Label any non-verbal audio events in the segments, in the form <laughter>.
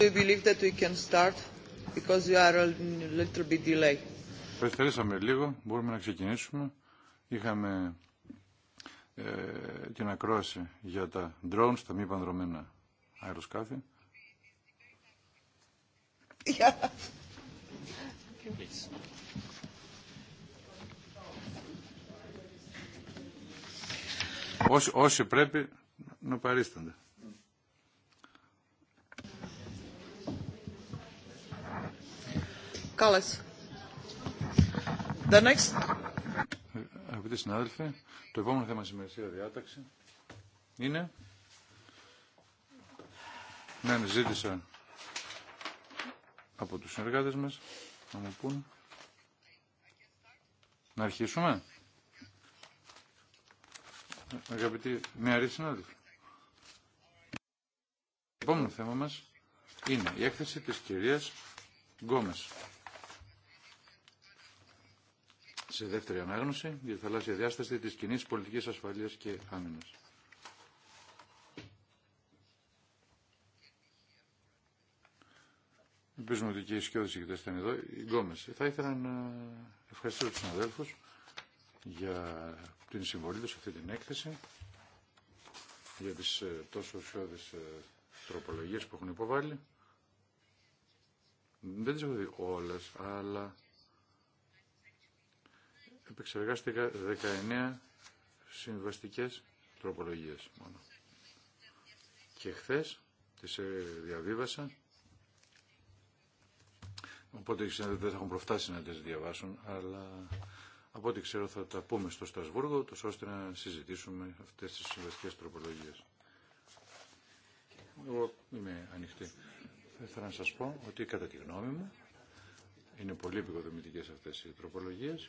We believe that we can start because we are a little bit delayed. Καθυστερήσαμε λίγο, μπορούμε να ξεκινήσουμε. Είχαμε ε, την ακρόαση για τα drones, τα μη πανδρομένα αεροσκάφη. Yeah. Όσοι, όσοι πρέπει να παρίστανται. Αγαπητοί συνάδελφοι, το επόμενο θέμα της διάταξη είναι να ναι, ζήτησα από τους συνεργάτες μας να μου πούν να αρχίσουμε. Αγαπητοί νεαροί συνάδελφοι, το επόμενο θέμα μας είναι η έκθεση της κυρίας Γκόμες σε δεύτερη ανάγνωση για τη θαλάσσια διάσταση της κοινή πολιτικής ασφαλείας και άμυνας. Ελπίζουμε ότι και οι σκιώδεις ηγητές ήταν εδώ. Οι Γκόμες. Θα ήθελα να ευχαριστήσω τους συναδέλφους για την συμβολή τους σε αυτή την έκθεση, για τις ε, τόσο ουσιώδεις ε, τροπολογίες που έχουν υποβάλει. Δεν τις έχω δει όλες, αλλά επεξεργάστηκα 19 συμβαστικές τροπολογίες μόνο. Και χθες τις ε, διαβίβασα, οπότε οι δεν θα έχουν προφτάσει να τις διαβάσουν, αλλά από ό,τι ξέρω θα τα πούμε στο Στασβούργο, τόσο ώστε να συζητήσουμε αυτές τις συμβαστικές τροπολογίες. Εγώ είμαι ανοιχτή. Θα ήθελα να σας πω ότι κατά τη γνώμη μου είναι πολύ επικοδομητικές αυτές οι τροπολογίες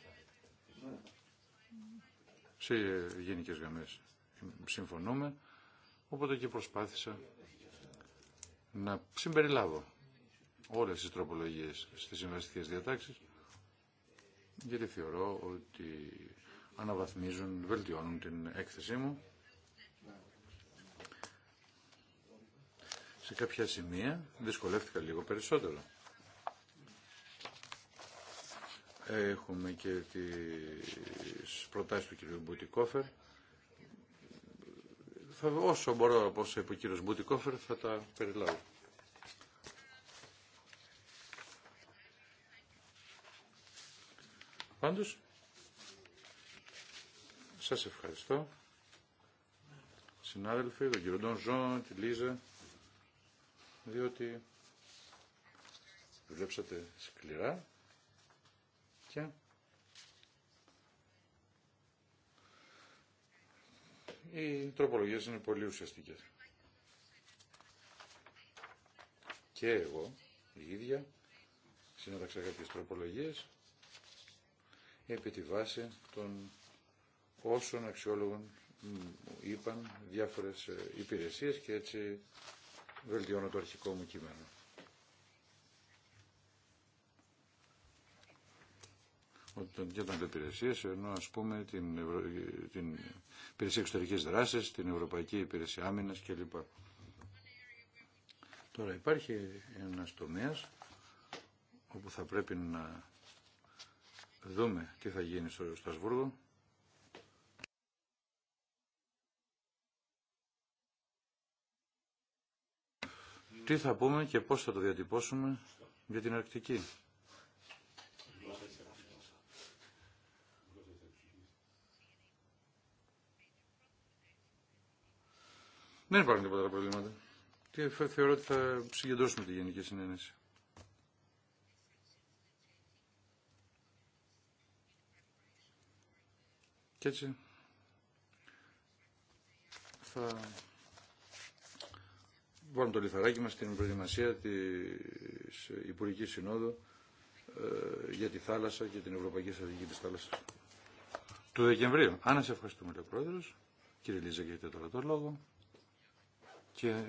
σε γενικές γραμμές συμφωνούμε, οπότε και προσπάθησα να συμπεριλάβω όλες τις τροπολογίες στις συμβαστικές διατάξεις, γιατί θεωρώ ότι αναβαθμίζουν, βελτιώνουν την έκθεσή μου. Σε κάποια σημεία δυσκολεύτηκα λίγο περισσότερο. Έχουμε και τις προτάσεις του κυρίου Μπουτικόφερ. Θα, όσο μπορώ, όπω είπε ο κύριος Μπουτικόφερ, θα τα περιλάβω. Πάντως, σας ευχαριστώ. Συνάδελφοι, τον κύριο Ντόν τη Λίζα, διότι δουλέψατε σκληρά και οι τροπολογίες είναι πολύ ουσιαστικές. Και εγώ η ίδια συνέταξα κάποιες τροπολογίες επί τη βάση των όσων αξιόλογων είπαν διάφορες ε, υπηρεσίες και έτσι βελτιώνω το αρχικό μου κείμενο. για τα υπηρεσίε, ενώ ας πούμε την, Ευρω... την υπηρεσία εξωτερική δράση, την Ευρωπαϊκή Υπηρεσία Άμυνα κλπ. Τώρα υπάρχει ένα τομέα όπου θα πρέπει να δούμε τι θα γίνει στο Στασβούργο. Τι θα πούμε και πώς θα το διατυπώσουμε για την Αρκτική. Ναι, δεν υπάρχουν τίποτα άλλα προβλήματα. Και θεωρώ ότι θα συγκεντρώσουμε τη Γενική Συνένεση. Και έτσι θα βάλουμε το λιθαράκι μας στην προετοιμασία της Υπουργικής Συνόδου ε, για τη θάλασσα και την Ευρωπαϊκή Στρατηγική της Θάλασσας του Δεκεμβρίου. Άνα σε ευχαριστούμε, λέει Πρόεδρος. Κύριε Λίζα, γιατί τώρα λόγο και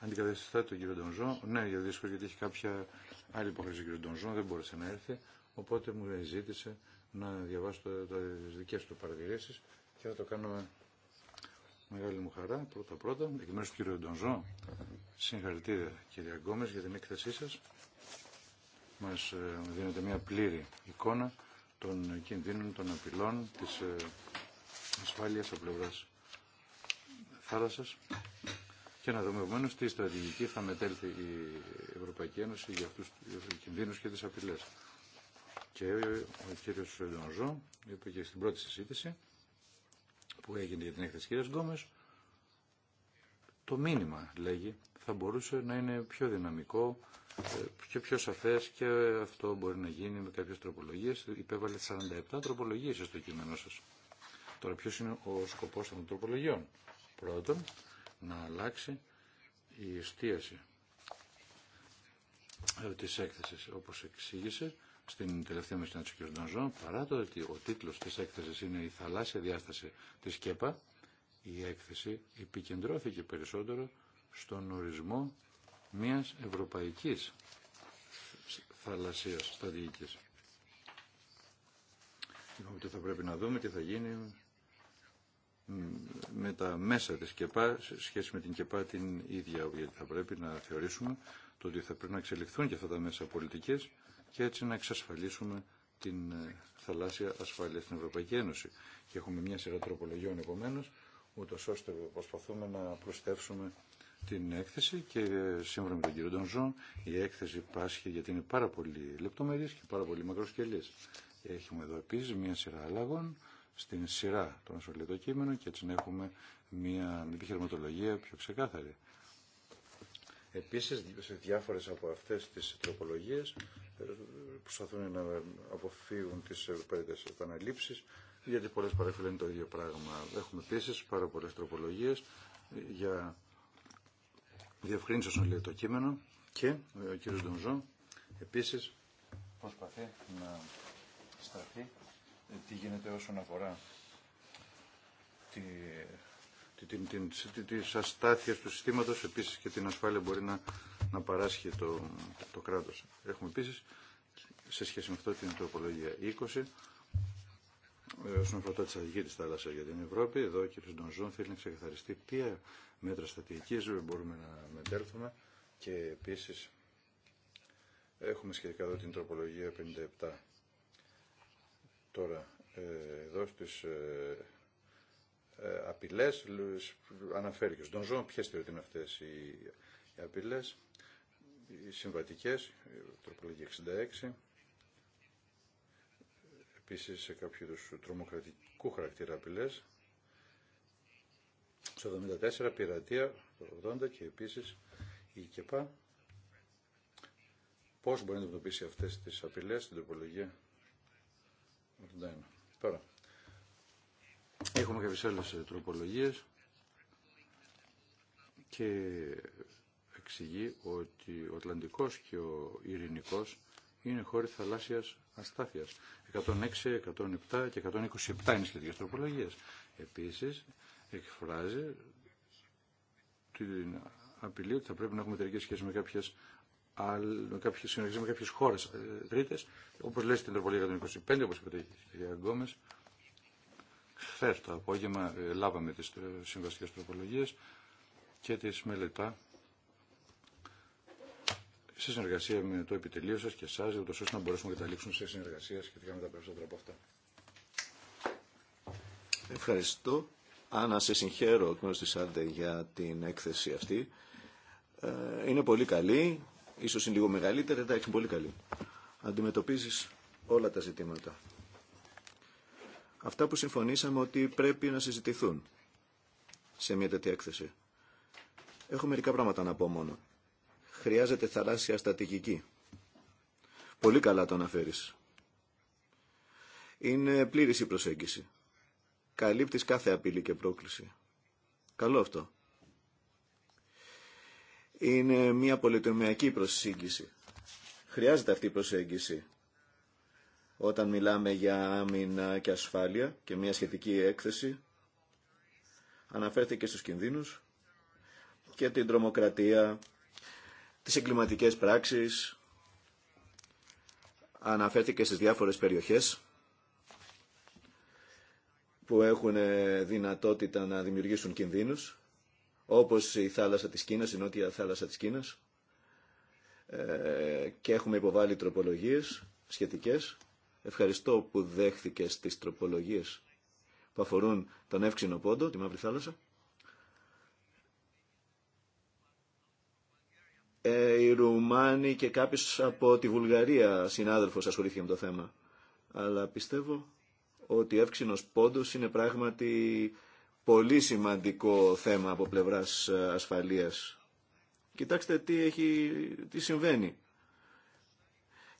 αντικαταστάτε τον κύριο Ντονζό. Ναι, για δύσκολο γιατί έχει κάποια άλλη υποχρέωση ο κύριο Ντονζό, δεν μπόρεσε να έρθει. Οπότε μου ζήτησε να διαβάσω τι δικέ του παρατηρήσει και θα το κάνω μεγάλη μου χαρά πρώτα-πρώτα. Εκ μέρου του κύριου Ντονζό, συγχαρητήρια κύριε Αγκόμε για την έκθεσή σα. Μα ε, δίνετε μια πλήρη εικόνα των κινδύνων, των απειλών, τη ε, ασφάλεια από πλευρά θάλασσα και να δούμε επομένω τι στρατηγική θα μετέλθει η Ευρωπαϊκή Ένωση για αυτού του κινδύνου και τι απειλέ. Και ο κύριο Λεωνζό είπε και στην πρώτη συζήτηση που έγινε για την έκθεση κυρία Γκόμε, το μήνυμα λέγει θα μπορούσε να είναι πιο δυναμικό ε, και πιο σαφέ και αυτό μπορεί να γίνει με κάποιε τροπολογίε. Υπέβαλε 47 τροπολογίε στο κείμενό σα. Τώρα ποιο είναι ο σκοπό των τροπολογιών. Πρώτον, να αλλάξει η εστίαση ε, τη έκθεση. όπως εξήγησε στην τελευταία μας συνάντηση του κ. Ντανζόν παρά το ότι ο τίτλο τη έκθεσης είναι η θαλάσσια διάσταση της ΚΕΠΑ η έκθεση επικεντρώθηκε περισσότερο στον ορισμό μιας ευρωπαϊκής θαλασσίας στρατηγικής. Είπαμε ότι θα πρέπει να δούμε τι θα γίνει με τα μέσα της ΚΕΠΑ σε σχέση με την ΚΕΠΑ την ίδια, γιατί θα πρέπει να θεωρήσουμε το ότι θα πρέπει να εξελιχθούν και αυτά τα μέσα πολιτικές και έτσι να εξασφαλίσουμε την ε, θαλάσσια ασφάλεια στην Ευρωπαϊκή Ένωση. Και έχουμε μια σειρά τροπολογιών επομένω, ούτω ώστε προσπαθούμε να προστεύσουμε την έκθεση και ε, σύμφωνα με τον κύριο Ντονζόν η έκθεση πάσχει γιατί είναι πάρα πολύ λεπτομερής και πάρα πολύ μακροσκελής. Έχουμε εδώ επίσης μια σειρά άλλαγων στην σειρά των να κείμενο και έτσι να έχουμε μια επιχειρηματολογία πιο ξεκάθαρη. Επίσης, σε διάφορες από αυτές τις τροπολογίες ε, προσπαθούν να αποφύγουν τις περίτες επαναλήψεις, γιατί πολλές παρέφυλα το ίδιο πράγμα. Έχουμε επίσης πάρα πολλές τροπολογίες για διευκρίνηση των λέει το κείμενο και ε, ο κ. Ντομζό επίσης προσπαθεί να σταθεί ε, τι γίνεται όσον αφορά τη, την, τη, τη του συστήματος, επίσης και την ασφάλεια μπορεί να, να παράσχει το, το κράτος. Έχουμε επίσης, σε σχέση με αυτό την τροπολογία 20, ε, όσον αφορά τη στρατηγική της Θάλασσα για την Ευρώπη, εδώ ο κ. Ντονζόν θέλει να ξεκαθαριστεί ποια μέτρα στατικής μπορούμε να μετέλθουμε και επίσης έχουμε σχετικά εδώ την τροπολογία 57 Τώρα, ε, εδώ στις ε, ε, απειλές, αναφέρει και στον Ζώο, ποιες θεωρείται είναι αυτές οι απειλές, οι συμβατικές, τροπολογία 66, επίσης σε κάποιο τρομοκρατικού χαρακτήρα απειλές, στο 74 πειρατεία, το 80 και επίσης η ΚΕΠΑ, πώς μπορεί να αντιμετωπίσει αυτές τις απειλές στην τροπολογία 81. Τώρα, έχουμε κάποιες άλλες ε, τροπολογίες και εξηγεί ότι ο Ατλαντικός και ο Ειρηνικός είναι χώροι θαλάσσιας αστάθειας. 106, 107 και 127 είναι σχετικές τροπολογίες. Επίσης, εκφράζει την απειλή ότι θα πρέπει να έχουμε εταιρικές σχέσεις με κάποιες με κάποιες, συνεργασίε με κάποιε χώρε τρίτε, όπω λέει στην Τροπολογία 125, όπω είπε η κυρία Γκόμε, χθε το απόγευμα ε, λάβαμε τι ε, συμβαστικέ τροπολογίε και τι μελετά σε συνεργασία με το επιτελείο σα και εσά, ούτω ώστε να μπορέσουμε να καταλήξουμε σε συνεργασία σχετικά με τα περισσότερα από αυτά. Ευχαριστώ. Άννα, σε συγχαίρω εκ μέρου τη για την έκθεση αυτή. Ε, είναι πολύ καλή, ίσως είναι λίγο μεγαλύτερη, εντάξει, πολύ καλή. Αντιμετωπίζεις όλα τα ζητήματα. Αυτά που συμφωνήσαμε ότι πρέπει να συζητηθούν σε μια τέτοια έκθεση. Έχω μερικά πράγματα να πω μόνο. Χρειάζεται θαλάσσια στατικική. Πολύ καλά το αναφέρει. Είναι πλήρης η προσέγγιση. Καλύπτει κάθε απειλή και πρόκληση. Καλό αυτό είναι μια πολυτομιακή προσέγγιση. Χρειάζεται αυτή η προσέγγιση όταν μιλάμε για άμυνα και ασφάλεια και μια σχετική έκθεση. Αναφέρθηκε στους κινδύνους και την τρομοκρατία, τις εγκληματικές πράξεις, αναφέρθηκε στις διάφορες περιοχές που έχουν δυνατότητα να δημιουργήσουν κινδύνους όπως η θάλασσα της Κίνας, η νότια θάλασσα της Κίνας ε, και έχουμε υποβάλει τροπολογίες σχετικές. Ευχαριστώ που δέχθηκες τις τροπολογίες που αφορούν τον εύξηνο πόντο, τη Μαύρη Θάλασσα. Ε, οι Ρουμάνοι και κάποιος από τη Βουλγαρία συνάδελφος ασχολήθηκε με το θέμα. Αλλά πιστεύω ότι ο εύξηνος πόντος είναι πράγματι πολύ σημαντικό θέμα από πλευράς ε, ασφαλείας. Κοιτάξτε τι, έχει, τι συμβαίνει.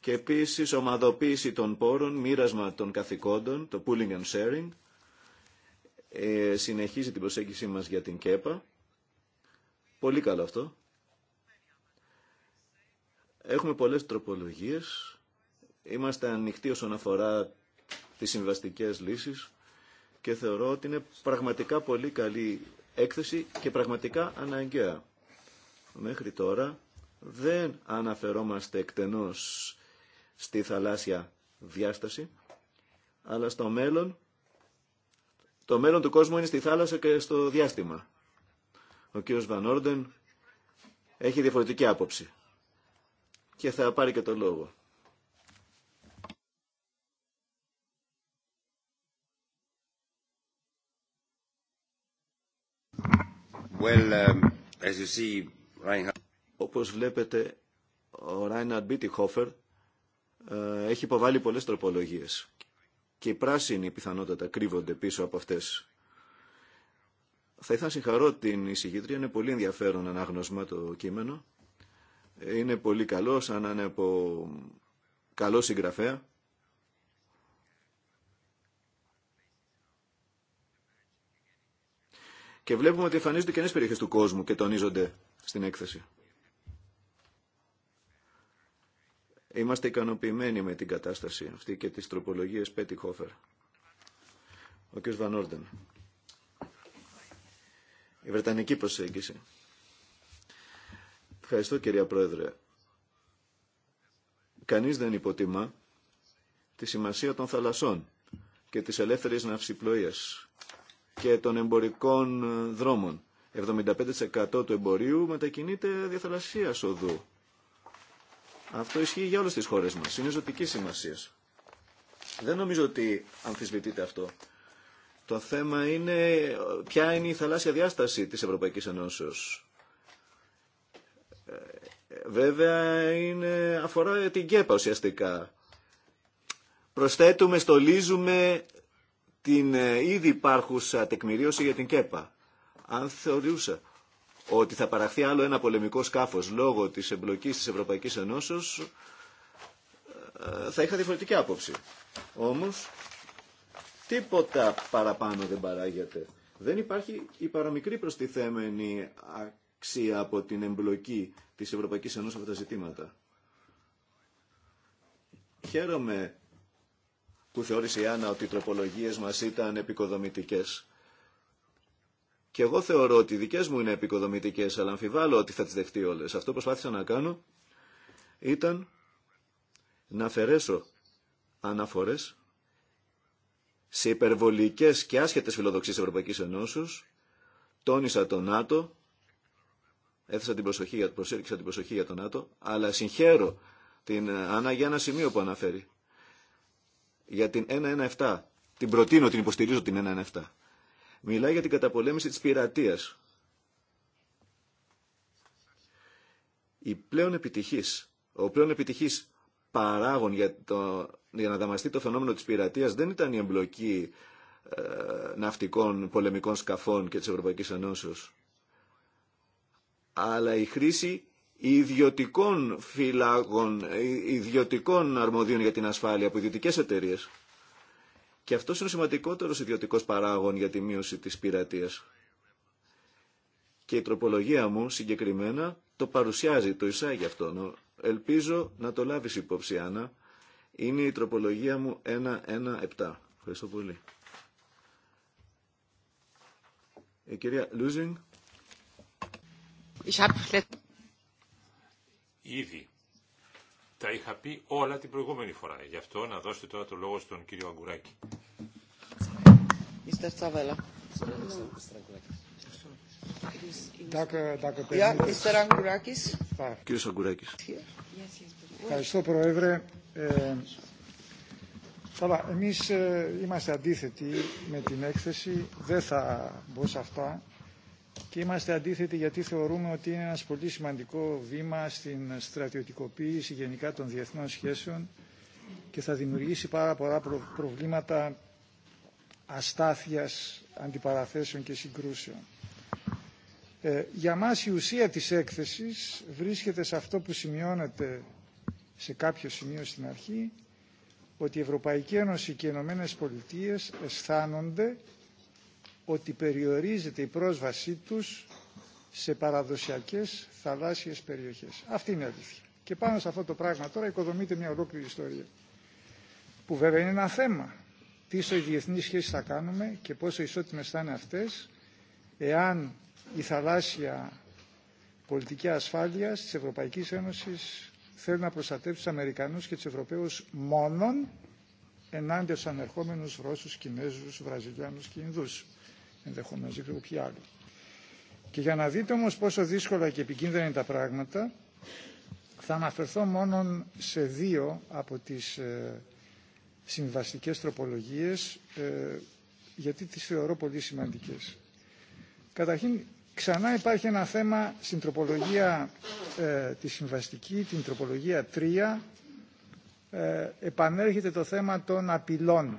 Και επίσης ομαδοποίηση των πόρων, μοίρασμα των καθηκόντων, το pooling and sharing, ε, συνεχίζει την προσέγγιση μας για την ΚΕΠΑ. Πολύ καλό αυτό. Έχουμε πολλές τροπολογίες. Είμαστε ανοιχτοί όσον αφορά τις συμβαστικές λύσεις και θεωρώ ότι είναι πραγματικά πολύ καλή έκθεση και πραγματικά αναγκαία. Μέχρι τώρα δεν αναφερόμαστε εκτενώς στη θαλάσσια διάσταση, αλλά στο μέλλον, το μέλλον του κόσμου είναι στη θάλασσα και στο διάστημα. Ο κύριος Βαν έχει διαφορετική άποψη και θα πάρει και το λόγο. Um, Όπως βλέπετε, ο Ράιναρντ Μπίτιχόφερ έχει υποβάλει πολλές τροπολογίες και οι πράσινοι πιθανότατα κρύβονται πίσω από αυτές. Θα ήθελα να συγχαρώ την εισηγήτρια, είναι πολύ ενδιαφέρον ανάγνωσμα το κείμενο. Είναι πολύ καλό, σαν να είναι από καλό συγγραφέα. Και βλέπουμε ότι εμφανίζονται και περιοχές του κόσμου και τονίζονται στην έκθεση. Είμαστε ικανοποιημένοι με την κατάσταση αυτή και τις τροπολογίες Πέτι Χόφερ. Ο κ. Βανόρντεν. Η Βρετανική προσέγγιση. Ευχαριστώ κυρία Πρόεδρε. Κανείς δεν υποτιμά τη σημασία των θαλασσών και της ελεύθερης ναυσιπλοίας και των εμπορικών ε, δρόμων. 75% του εμπορίου μετακινείται θαλασσίας οδού. Αυτό ισχύει για όλες τις χώρες μας. Είναι ζωτική σημασία. Δεν νομίζω ότι αμφισβητείται αυτό. Το θέμα είναι ε, ποια είναι η θαλάσσια διάσταση της Ευρωπαϊκής Ενώσεως. Ε, βέβαια είναι, αφορά την ΚΕΠΑ ουσιαστικά. Προσθέτουμε, στολίζουμε την ε, ήδη υπάρχουσα τεκμηρίωση για την ΚΕΠΑ. Αν θεωρούσα ότι θα παραχθεί άλλο ένα πολεμικό σκάφος λόγω της εμπλοκής της Ευρωπαϊκής Ενώσεως, ε, θα είχα διαφορετική άποψη. Όμως, τίποτα παραπάνω δεν παράγεται. Δεν υπάρχει η παραμικρή προστιθέμενη αξία από την εμπλοκή της Ευρωπαϊκής Ενώσης από τα ζητήματα. Χαίρομαι που θεώρησε η Άννα ότι οι τροπολογίες μας ήταν επικοδομητικές. Και εγώ θεωρώ ότι οι δικές μου είναι επικοδομητικές, αλλά αμφιβάλλω ότι θα τις δεχτεί όλες. Αυτό που προσπάθησα να κάνω ήταν να αφαιρέσω αναφορές σε υπερβολικές και άσχετες φιλοδοξίες Ευρωπαϊκής Ενώσεως, τόνισα τον ΝΑΤΟ, έθεσα την προσοχή, την προσοχή για τον ΝΑΤΟ, αλλά συγχαίρω την Άννα για ένα σημείο που αναφέρει για την 117. Την προτείνω, την υποστηρίζω την 117. Μιλάει για την καταπολέμηση της πειρατείας. Η πλέον επιτυχής, ο πλέον επιτυχής παράγων για, το, για να δαμαστεί το φαινόμενο της πειρατείας δεν ήταν η εμπλοκή ε, ναυτικών πολεμικών σκαφών και της Ευρωπαϊκής Ενώσεως αλλά η χρήση ιδιωτικών φυλάγων, ιδιωτικών αρμοδίων για την ασφάλεια από ιδιωτικές εταιρείε. Και αυτό είναι ο σημαντικότερος ιδιωτικός παράγων για τη μείωση της πειρατείας. Και η τροπολογία μου συγκεκριμένα το παρουσιάζει, το εισάγει αυτό. Ελπίζω να το λάβει υπόψη, Άννα. Είναι η τροπολογία μου 117. Ευχαριστώ πολύ. Ε, κυρία Λούζινγκ. Ήδη τα είχα πει όλα την προηγούμενη φορά. Γι' αυτό να δώσετε τώρα το λόγο στον κύριο Αγκουράκη. Ah. Κύριε Αγκουράκης. Ευχαριστώ Πρόεδρε. Ε, εμείς ε, είμαστε αντίθετοι με την έκθεση. Δεν θα μπω σε αυτά και είμαστε αντίθετοι γιατί θεωρούμε ότι είναι ένας πολύ σημαντικό βήμα στην στρατιωτικοποίηση γενικά των διεθνών σχέσεων και θα δημιουργήσει πάρα πολλά προβλήματα αστάθειας, αντιπαραθέσεων και συγκρούσεων. Ε, για μας η ουσία της έκθεσης βρίσκεται σε αυτό που σημειώνεται σε κάποιο σημείο στην αρχή, ότι η Ευρωπαϊκή Ένωση και οι Ηνωμένε Πολιτείε αισθάνονται ότι περιορίζεται η πρόσβασή τους σε παραδοσιακές θαλάσσιες περιοχές. Αυτή είναι η αλήθεια. Και πάνω σε αυτό το πράγμα τώρα οικοδομείται μια ολόκληρη ιστορία. Που βέβαια είναι ένα θέμα. Τι στο διεθνείς σχέσεις θα κάνουμε και πόσο ισότιμες θα είναι αυτές εάν η θαλάσσια πολιτική ασφάλεια της Ευρωπαϊκής Ένωσης θέλει να προστατεύσει τους Αμερικανούς και τους Ευρωπαίους μόνον ενάντια στους ανερχόμενους Ρώσους, Κινέζους, Βραζιλιάνους και Ινδούς ενδεχομένω, δεν ξέρω άλλοι. Και για να δείτε όμως πόσο δύσκολα και επικίνδυνα είναι τα πράγματα, θα αναφερθώ μόνο σε δύο από τις ε, συμβαστικές τροπολογίες, ε, γιατί τις θεωρώ πολύ σημαντικές. Καταρχήν, ξανά υπάρχει ένα θέμα στην τροπολογία ε, συμβαστική, την τροπολογία 3, ε, επανέρχεται το θέμα των απειλών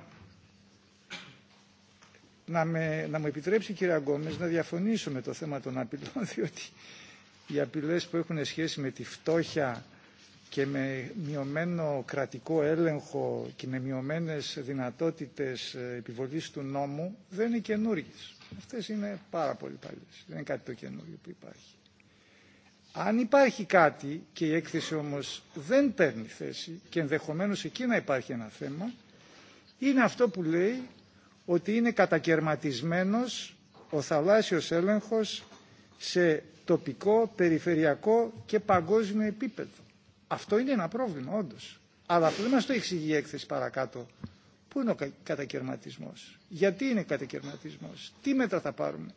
να, με, να μου επιτρέψει κυρία Γκόμες να διαφωνήσω με το θέμα των απειλών <laughs> διότι οι απειλές που έχουν σχέση με τη φτώχεια και με μειωμένο κρατικό έλεγχο και με μειωμένες δυνατότητες ε, επιβολής του νόμου δεν είναι καινούργιε. Αυτές είναι πάρα πολύ παλιές. Δεν είναι κάτι το καινούργιο που υπάρχει. Αν υπάρχει κάτι και η έκθεση όμως δεν παίρνει θέση και ενδεχομένως εκεί να υπάρχει ένα θέμα, είναι αυτό που λέει ότι είναι κατακαιρματισμένος ο θαλάσσιος έλεγχος σε τοπικό, περιφερειακό και παγκόσμιο επίπεδο. Αυτό είναι ένα πρόβλημα όντως. Αλλά αυτό δεν μας το εξηγεί η έκθεση παρακάτω. Πού είναι ο κατακαιρματισμός, γιατί είναι κατακαιρματισμός, τι μέτρα θα πάρουμε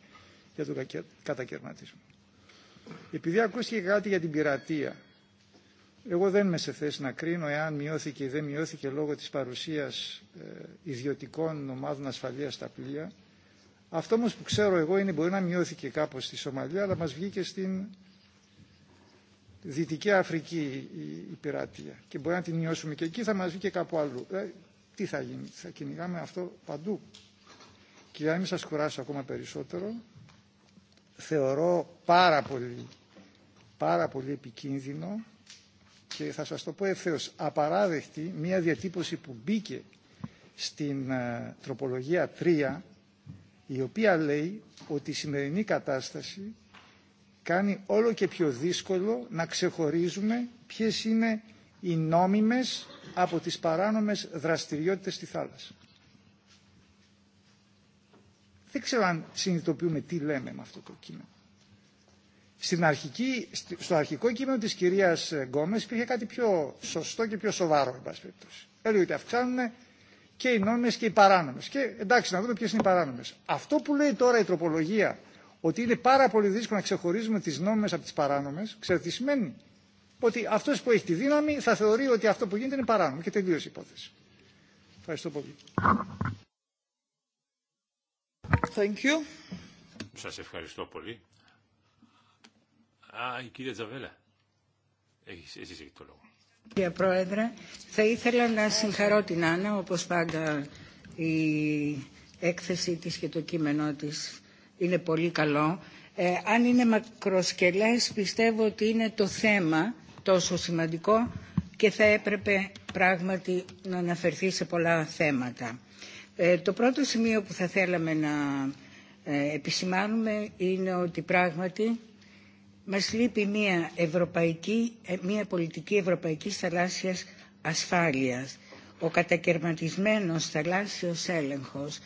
για τον κατακαιρματισμό. Επειδή ακούστηκε κάτι για την πειρατεία, εγώ δεν είμαι σε θέση να κρίνω εάν μειώθηκε ή δεν μειώθηκε λόγω της παρουσίας ε, ιδιωτικών ομάδων ασφαλείας στα πλοία. Αυτό όμως που ξέρω εγώ είναι μπορεί να μειώθηκε κάπως στη Σομαλία, αλλά μας βγήκε στην Δυτική Αφρική η πειρατεία και μπορεί να την μειώσουμε και εκεί θα μας βγήκε κάπου αλλού. Ε, τι θα γίνει, θα κυνηγάμε αυτό παντού. Και για να μην σας κουράσω ακόμα περισσότερο, θεωρώ πάρα πολύ επικίνδυνο και θα σας το πω ευθέως, απαράδεκτη μία διατύπωση που μπήκε στην ε, τροπολογία 3, η οποία λέει ότι η σημερινή κατάσταση κάνει όλο και πιο δύσκολο να ξεχωρίζουμε ποιες είναι οι νόμιμες από τις παράνομες δραστηριότητες στη θάλασσα. Δεν ξέρω αν συνειδητοποιούμε τι λέμε με αυτό το κείμενο. Στην αρχική, στο αρχικό κείμενο της κυρίας Γκόμες υπήρχε κάτι πιο σωστό και πιο σοβαρό, εν πάση περιπτώσει. Έλεγε ότι αυξάνουν και οι νόμιμες και οι παράνομες. Και εντάξει, να δούμε ποιες είναι οι παράνομες. Αυτό που λέει τώρα η τροπολογία, ότι είναι πάρα πολύ δύσκολο να ξεχωρίζουμε τις νόμιμες από τις παράνομες, ξέρετε τι σημαίνει. Ότι αυτός που έχει τη δύναμη θα θεωρεί ότι αυτό που γίνεται είναι παράνομο και τελείω η υπόθεση. Ευχαριστώ πολύ. Thank you. Σας ευχαριστώ πολύ. Α, η κυρία Τζαβέλα. το Κύριε Πρόεδρε, θα ήθελα να συγχαρώ την Άννα, όπως πάντα η έκθεση της και το κείμενό της είναι πολύ καλό. Ε, αν είναι μακροσκελές, πιστεύω ότι είναι το θέμα τόσο σημαντικό και θα έπρεπε πράγματι να αναφερθεί σε πολλά θέματα. Ε, το πρώτο σημείο που θα θέλαμε να ε, επισημάνουμε είναι ότι πράγματι μας λείπει μια, ευρωπαϊκή, ε, μια πολιτική ευρωπαϊκής θαλάσσιας ασφάλειας. Ο κατακαιρματισμένος θαλάσσιος έλεγχος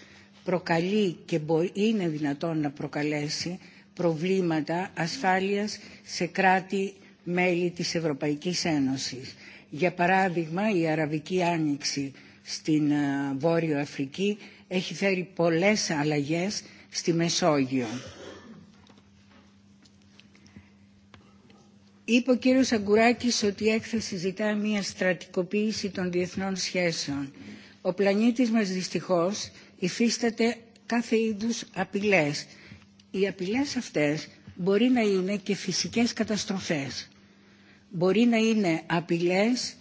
προκαλεί και είναι δυνατόν να προκαλέσει προβλήματα ασφάλειας σε κράτη μέλη της Ευρωπαϊκής Ένωσης. Για παράδειγμα, η Αραβική Άνοιξη στην ε, Βόρειο Αφρική έχει φέρει πολλές αλλαγές στη Μεσόγειο Είπε ο κύριος Αγκουράκη ότι η έκθεση ζητά μια στρατικοποίηση των διεθνών σχέσεων. Ο πλανήτη μας δυστυχώ υφίσταται κάθε είδους απειλές. Οι απειλές αυτές μπορεί να είναι και φυσικές καταστροφές. Μπορεί να είναι απειλές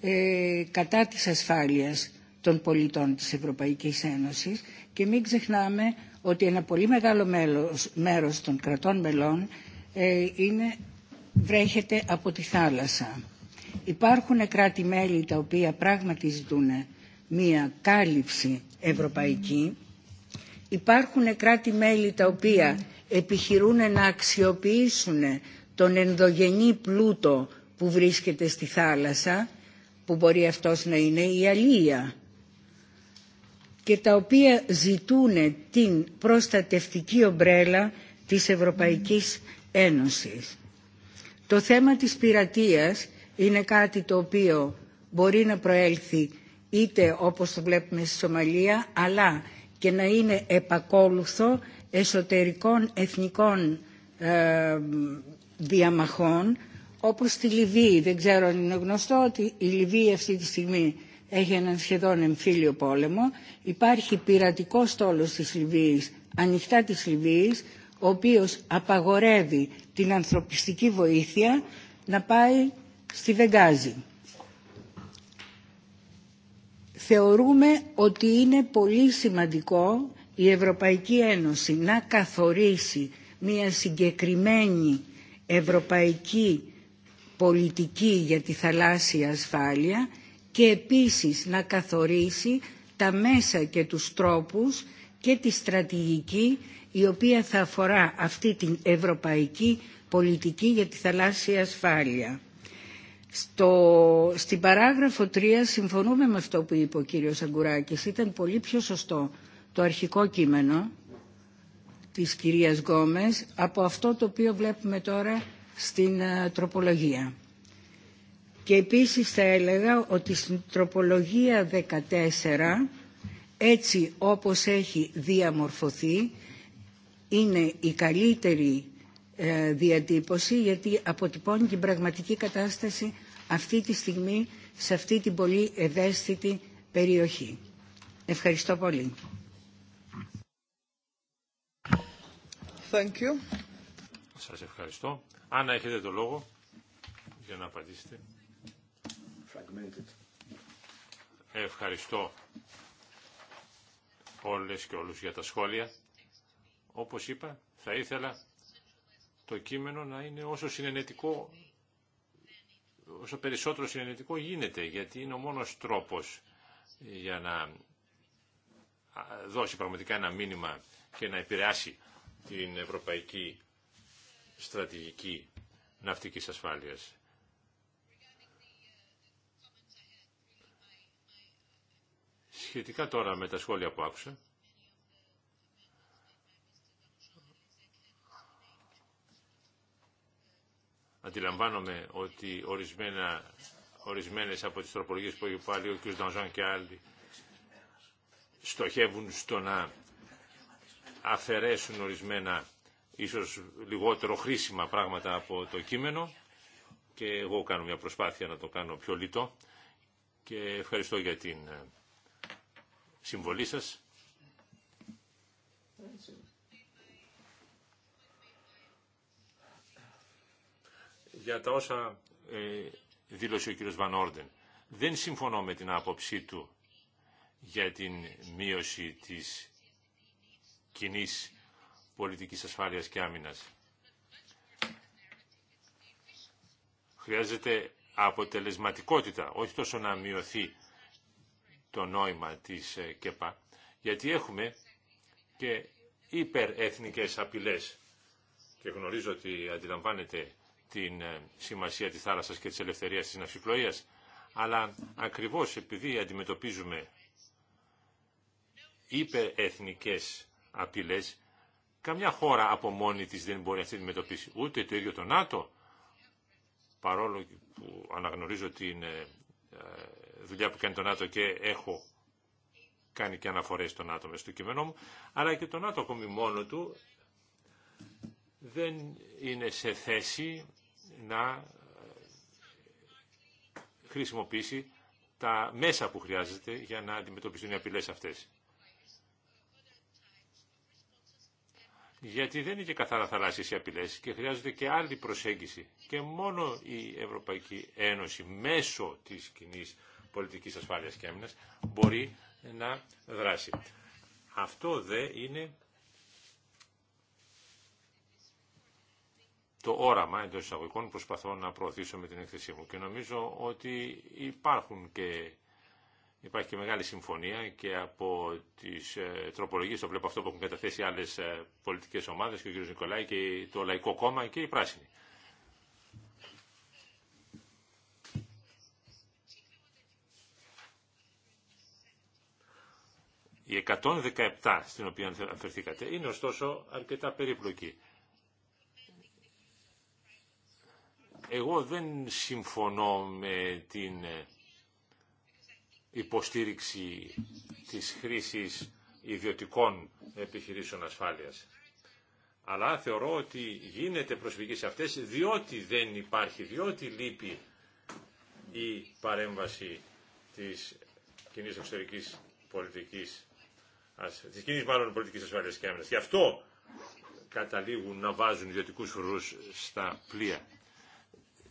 ε, κατά της ασφάλειας των πολιτών της Ευρωπαϊκής Ένωσης και μην ξεχνάμε ότι ένα πολύ μεγάλο μέρο μέρος των κρατών μελών ε, είναι βρέχεται από τη θάλασσα. Υπάρχουν κράτη-μέλη τα οποία πράγματι ζητούν μία κάλυψη ευρωπαϊκή. Υπάρχουν κράτη-μέλη τα οποία επιχειρούν να αξιοποιήσουν τον ενδογενή πλούτο που βρίσκεται στη θάλασσα, που μπορεί αυτός να είναι η αλία, και τα οποία ζητούν την προστατευτική ομπρέλα της Ευρωπαϊκής Ένωσης. Το θέμα της πειρατείας είναι κάτι το οποίο μπορεί να προέλθει είτε όπως το βλέπουμε στη Σομαλία αλλά και να είναι επακόλουθο εσωτερικών εθνικών ε, διαμαχών όπως στη Λιβύη. Δεν ξέρω αν είναι γνωστό ότι η Λιβύη αυτή τη στιγμή έχει έναν σχεδόν εμφύλιο πόλεμο. Υπάρχει πειρατικό στόλος της Λιβύης, ανοιχτά της Λιβύης, ο οποίος απαγορεύει την ανθρωπιστική βοήθεια να πάει στη Βεγγάζη. Θεωρούμε ότι είναι πολύ σημαντικό η Ευρωπαϊκή Ένωση να καθορίσει μια συγκεκριμένη ευρωπαϊκή πολιτική για τη θαλάσσια ασφάλεια και επίσης να καθορίσει τα μέσα και τους τρόπους και τη στρατηγική η οποία θα αφορά αυτή την ευρωπαϊκή πολιτική για τη θαλάσσια ασφάλεια. Στο, στην παράγραφο 3 συμφωνούμε με αυτό που είπε ο κύριος Αγκουράκης. Ήταν πολύ πιο σωστό το αρχικό κείμενο της κυρίας Γκόμες από αυτό το οποίο βλέπουμε τώρα στην ε, τροπολογία. Και επίσης θα έλεγα ότι στην τροπολογία 14 έτσι όπως έχει διαμορφωθεί είναι η καλύτερη ε, διατύπωση γιατί αποτυπώνει την πραγματική κατάσταση αυτή τη στιγμή σε αυτή την πολύ ευαίσθητη περιοχή. Ευχαριστώ πολύ. Thank you. Σας ευχαριστώ. Αν έχετε το λόγο για να απαντήσετε. Fragmented. Ευχαριστώ όλες και όλους για τα σχόλια. Όπως είπα, θα ήθελα το κείμενο να είναι όσο συνενετικό, όσο περισσότερο συνενετικό γίνεται, γιατί είναι ο μόνος τρόπος για να δώσει πραγματικά ένα μήνυμα και να επηρεάσει την ευρωπαϊκή στρατηγική ναυτικής ασφάλειας. Σχετικά τώρα με τα σχόλια που άκουσα, Αντιλαμβάνομαι ότι ορισμένα, ορισμένες από τις τροπολογίες που έχει πάλι ο κ. Ντανζάν και άλλοι στοχεύουν στο να αφαιρέσουν ορισμένα ίσως λιγότερο χρήσιμα πράγματα από το κείμενο και εγώ κάνω μια προσπάθεια να το κάνω πιο λιτό και ευχαριστώ για την συμβολή σας. για τα όσα ε, δήλωσε ο κύριος Βαν Δεν συμφωνώ με την άποψή του για την μείωση της κοινή πολιτικής ασφάλειας και άμυνας. Χρειάζεται αποτελεσματικότητα, όχι τόσο να μειωθεί το νόημα της ε, ΚΕΠΑ, γιατί έχουμε και υπερεθνικές απειλές και γνωρίζω ότι αντιλαμβάνεται την ε, σημασία της θάλασσας και της ελευθερίας της ναυσιπλοείας, αλλά ακριβώς επειδή αντιμετωπίζουμε υπερεθνικές απειλές, καμιά χώρα από μόνη της δεν μπορεί αυτή να αντιμετωπίσει, ούτε το ίδιο το ΝΑΤΟ, παρόλο που αναγνωρίζω την ε, ε, δουλειά που κάνει το ΝΑΤΟ και έχω κάνει και αναφορές στο ΝΑΤΟ μέσα στο κείμενό μου, αλλά και το ΝΑΤΟ ακόμη μόνο του δεν είναι σε θέση να ε, χρησιμοποιήσει τα μέσα που χρειάζεται για να αντιμετωπιστούν οι απειλές αυτές. Γιατί δεν είναι και καθαρά θαλάσσιες οι απειλές και χρειάζεται και άλλη προσέγγιση. Και μόνο η Ευρωπαϊκή Ένωση μέσω της κοινή πολιτικής ασφάλειας και άμυνας μπορεί να δράσει. Αυτό δε είναι το όραμα εντό εισαγωγικών προσπαθώ να προωθήσω με την έκθεσή μου. Και νομίζω ότι υπάρχουν και, υπάρχει και μεγάλη συμφωνία και από τις ε, τροπολογίες, το βλέπω αυτό που έχουν καταθέσει άλλες ε, πολιτικές ομάδες και ο κ. Νικολάη και το Λαϊκό Κόμμα και οι Πράσινοι. Η 117 στην οποία αναφερθήκατε είναι ωστόσο αρκετά περίπλοκη Εγώ δεν συμφωνώ με την ε, υποστήριξη της χρήσης ιδιωτικών επιχειρήσεων ασφάλειας. Αλλά θεωρώ ότι γίνεται προσφυγή σε αυτές διότι δεν υπάρχει, διότι λείπει η παρέμβαση της κοινή εξωτερικής πολιτικής, της κοινής μάλλον πολιτικής ασφάλειας και άμυνας. Γι' αυτό καταλήγουν να βάζουν ιδιωτικού φρουρούς στα πλοία.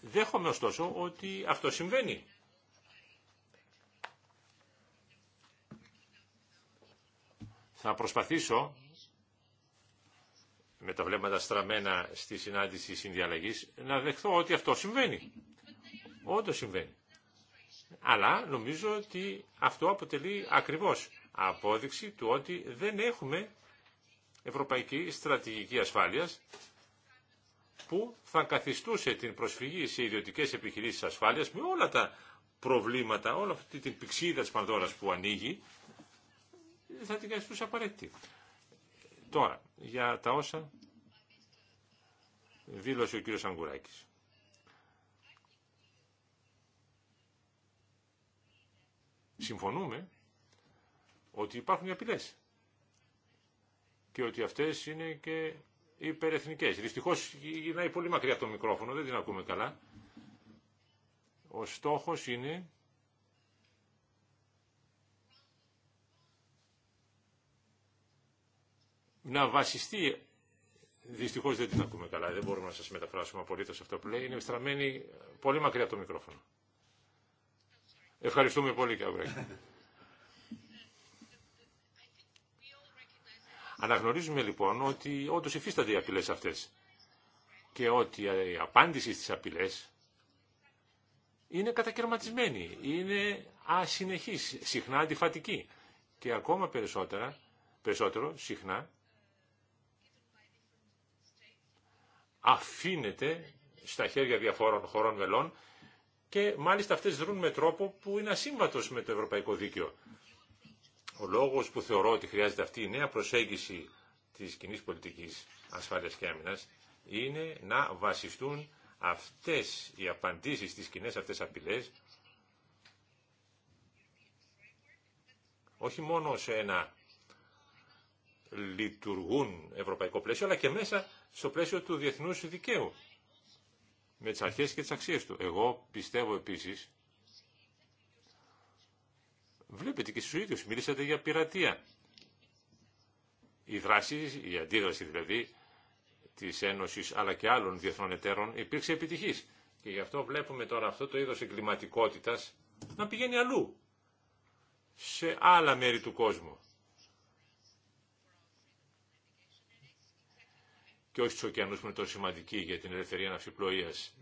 Δέχομαι ωστόσο ότι αυτό συμβαίνει. Θα προσπαθήσω με τα βλέμματα στραμμένα στη συνάντηση συνδιαλλαγής να δεχθώ ότι αυτό συμβαίνει. Ό,τι συμβαίνει. Αλλά νομίζω ότι αυτό αποτελεί ακριβώς απόδειξη του ότι δεν έχουμε ευρωπαϊκή στρατηγική ασφάλειας που θα καθιστούσε την προσφυγή σε ιδιωτικές επιχειρήσεις ασφάλειας με όλα τα προβλήματα, όλη αυτή την πηξίδα της Πανδώρας που ανοίγει, θα την καθιστούσε απαραίτητη. Τώρα, για τα όσα δήλωσε ο κύριος Αγκουράκης. Συμφωνούμε ότι υπάρχουν οι απειλές και ότι αυτές είναι και υπερεθνικές. Δυστυχώς γυρνάει πολύ μακριά από το μικρόφωνο, δεν την ακούμε καλά. Ο στόχος είναι να βασιστεί Δυστυχώ δεν την ακούμε καλά, δεν μπορούμε να σα μεταφράσουμε απολύτω αυτό που λέει. Είναι στραμμένη πολύ μακριά από το μικρόφωνο. Ευχαριστούμε πολύ, αύριο. Αναγνωρίζουμε λοιπόν ότι όντω υφίστανται οι απειλές αυτές και ότι η απάντηση στις απειλές είναι κατακαιρματισμένη, είναι ασυνεχής, συχνά αντιφατική και ακόμα περισσότερα, περισσότερο συχνά αφήνεται στα χέρια διαφόρων χωρών μελών και μάλιστα αυτές δρούν με τρόπο που είναι ασύμβατος με το ευρωπαϊκό δίκαιο. Ο λόγος που θεωρώ ότι χρειάζεται αυτή η νέα προσέγγιση της κοινή πολιτικής ασφάλειας και άμυνας είναι να βασιστούν αυτές οι απαντήσεις στις κοινέ αυτές απειλές όχι μόνο σε ένα λειτουργούν ευρωπαϊκό πλαίσιο, αλλά και μέσα στο πλαίσιο του διεθνούς δικαίου, με τις αρχές και τις αξίες του. Εγώ πιστεύω επίσης Βλέπετε και στου ίδιου μίλησατε για πειρατεία. Η δράση, η αντίδραση δηλαδή της Ένωσης αλλά και άλλων διεθνών εταίρων υπήρξε επιτυχής. Και γι' αυτό βλέπουμε τώρα αυτό το είδος εγκληματικότητα να πηγαίνει αλλού, σε άλλα μέρη του κόσμου. Και όχι στου ωκεανού που είναι τόσο σημαντικοί για την ελευθερία ναυσιπλοείας.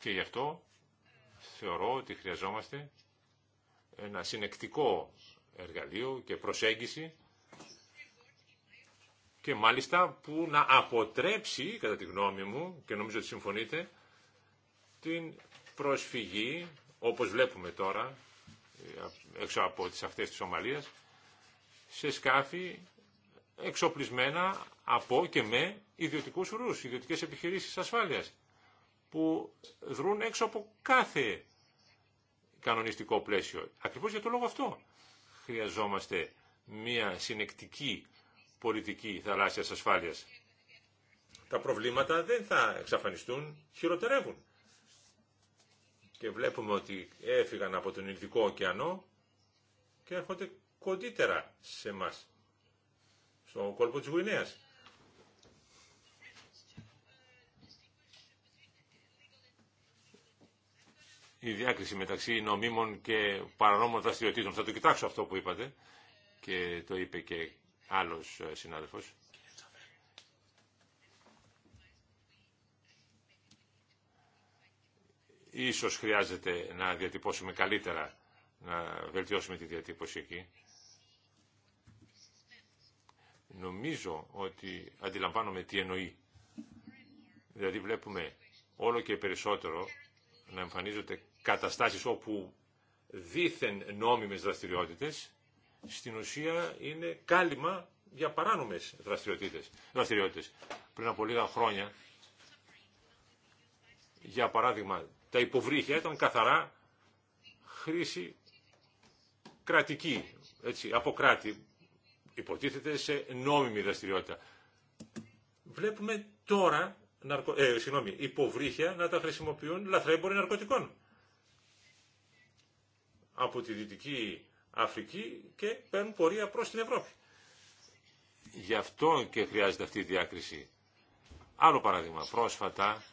Και γι' αυτό θεωρώ ότι χρειαζόμαστε ένα συνεκτικό εργαλείο και προσέγγιση και μάλιστα που να αποτρέψει, κατά τη γνώμη μου, και νομίζω ότι συμφωνείτε, την προσφυγή, όπως βλέπουμε τώρα, έξω από τις αυτές της Ομαλίας, σε σκάφη εξοπλισμένα από και με ιδιωτικούς ρούς, ιδιωτικές επιχειρήσεις ασφάλειας που δρούν έξω από κάθε κανονιστικό πλαίσιο. Ακριβώς για το λόγο αυτό χρειαζόμαστε μια συνεκτική πολιτική θαλάσσιας ασφάλειας. Τα προβλήματα δεν θα εξαφανιστούν, χειροτερεύουν. Και βλέπουμε ότι έφυγαν από τον Ινδικό ωκεανό και έρχονται κοντύτερα σε μας, στον κόλπο της Γουινέας. η διάκριση μεταξύ νομίμων και παρανόμων δραστηριοτήτων. Θα το κοιτάξω αυτό που είπατε και το είπε και άλλος ε, συνάδελφος. Ίσως χρειάζεται να διατυπώσουμε καλύτερα, να βελτιώσουμε τη διατύπωση εκεί. Νομίζω ότι αντιλαμβάνομαι τι εννοεί. Δηλαδή βλέπουμε όλο και περισσότερο να εμφανίζονται καταστάσεις όπου δήθεν νόμιμες δραστηριότητες στην ουσία είναι κάλυμα για παράνομες δραστηριότητες. δραστηριότητες. Πριν από λίγα χρόνια, για παράδειγμα, τα υποβρύχια ήταν καθαρά χρήση κρατική, έτσι, από κράτη, υποτίθεται σε νόμιμη δραστηριότητα. Βλέπουμε τώρα ε, συγγνώμη, υποβρύχια να τα χρησιμοποιούν λαθρέμποροι ναρκωτικών από τη Δυτική Αφρική και παίρνουν πορεία προς την Ευρώπη. Γι' αυτό και χρειάζεται αυτή η διάκριση. Άλλο παράδειγμα, πρόσφατα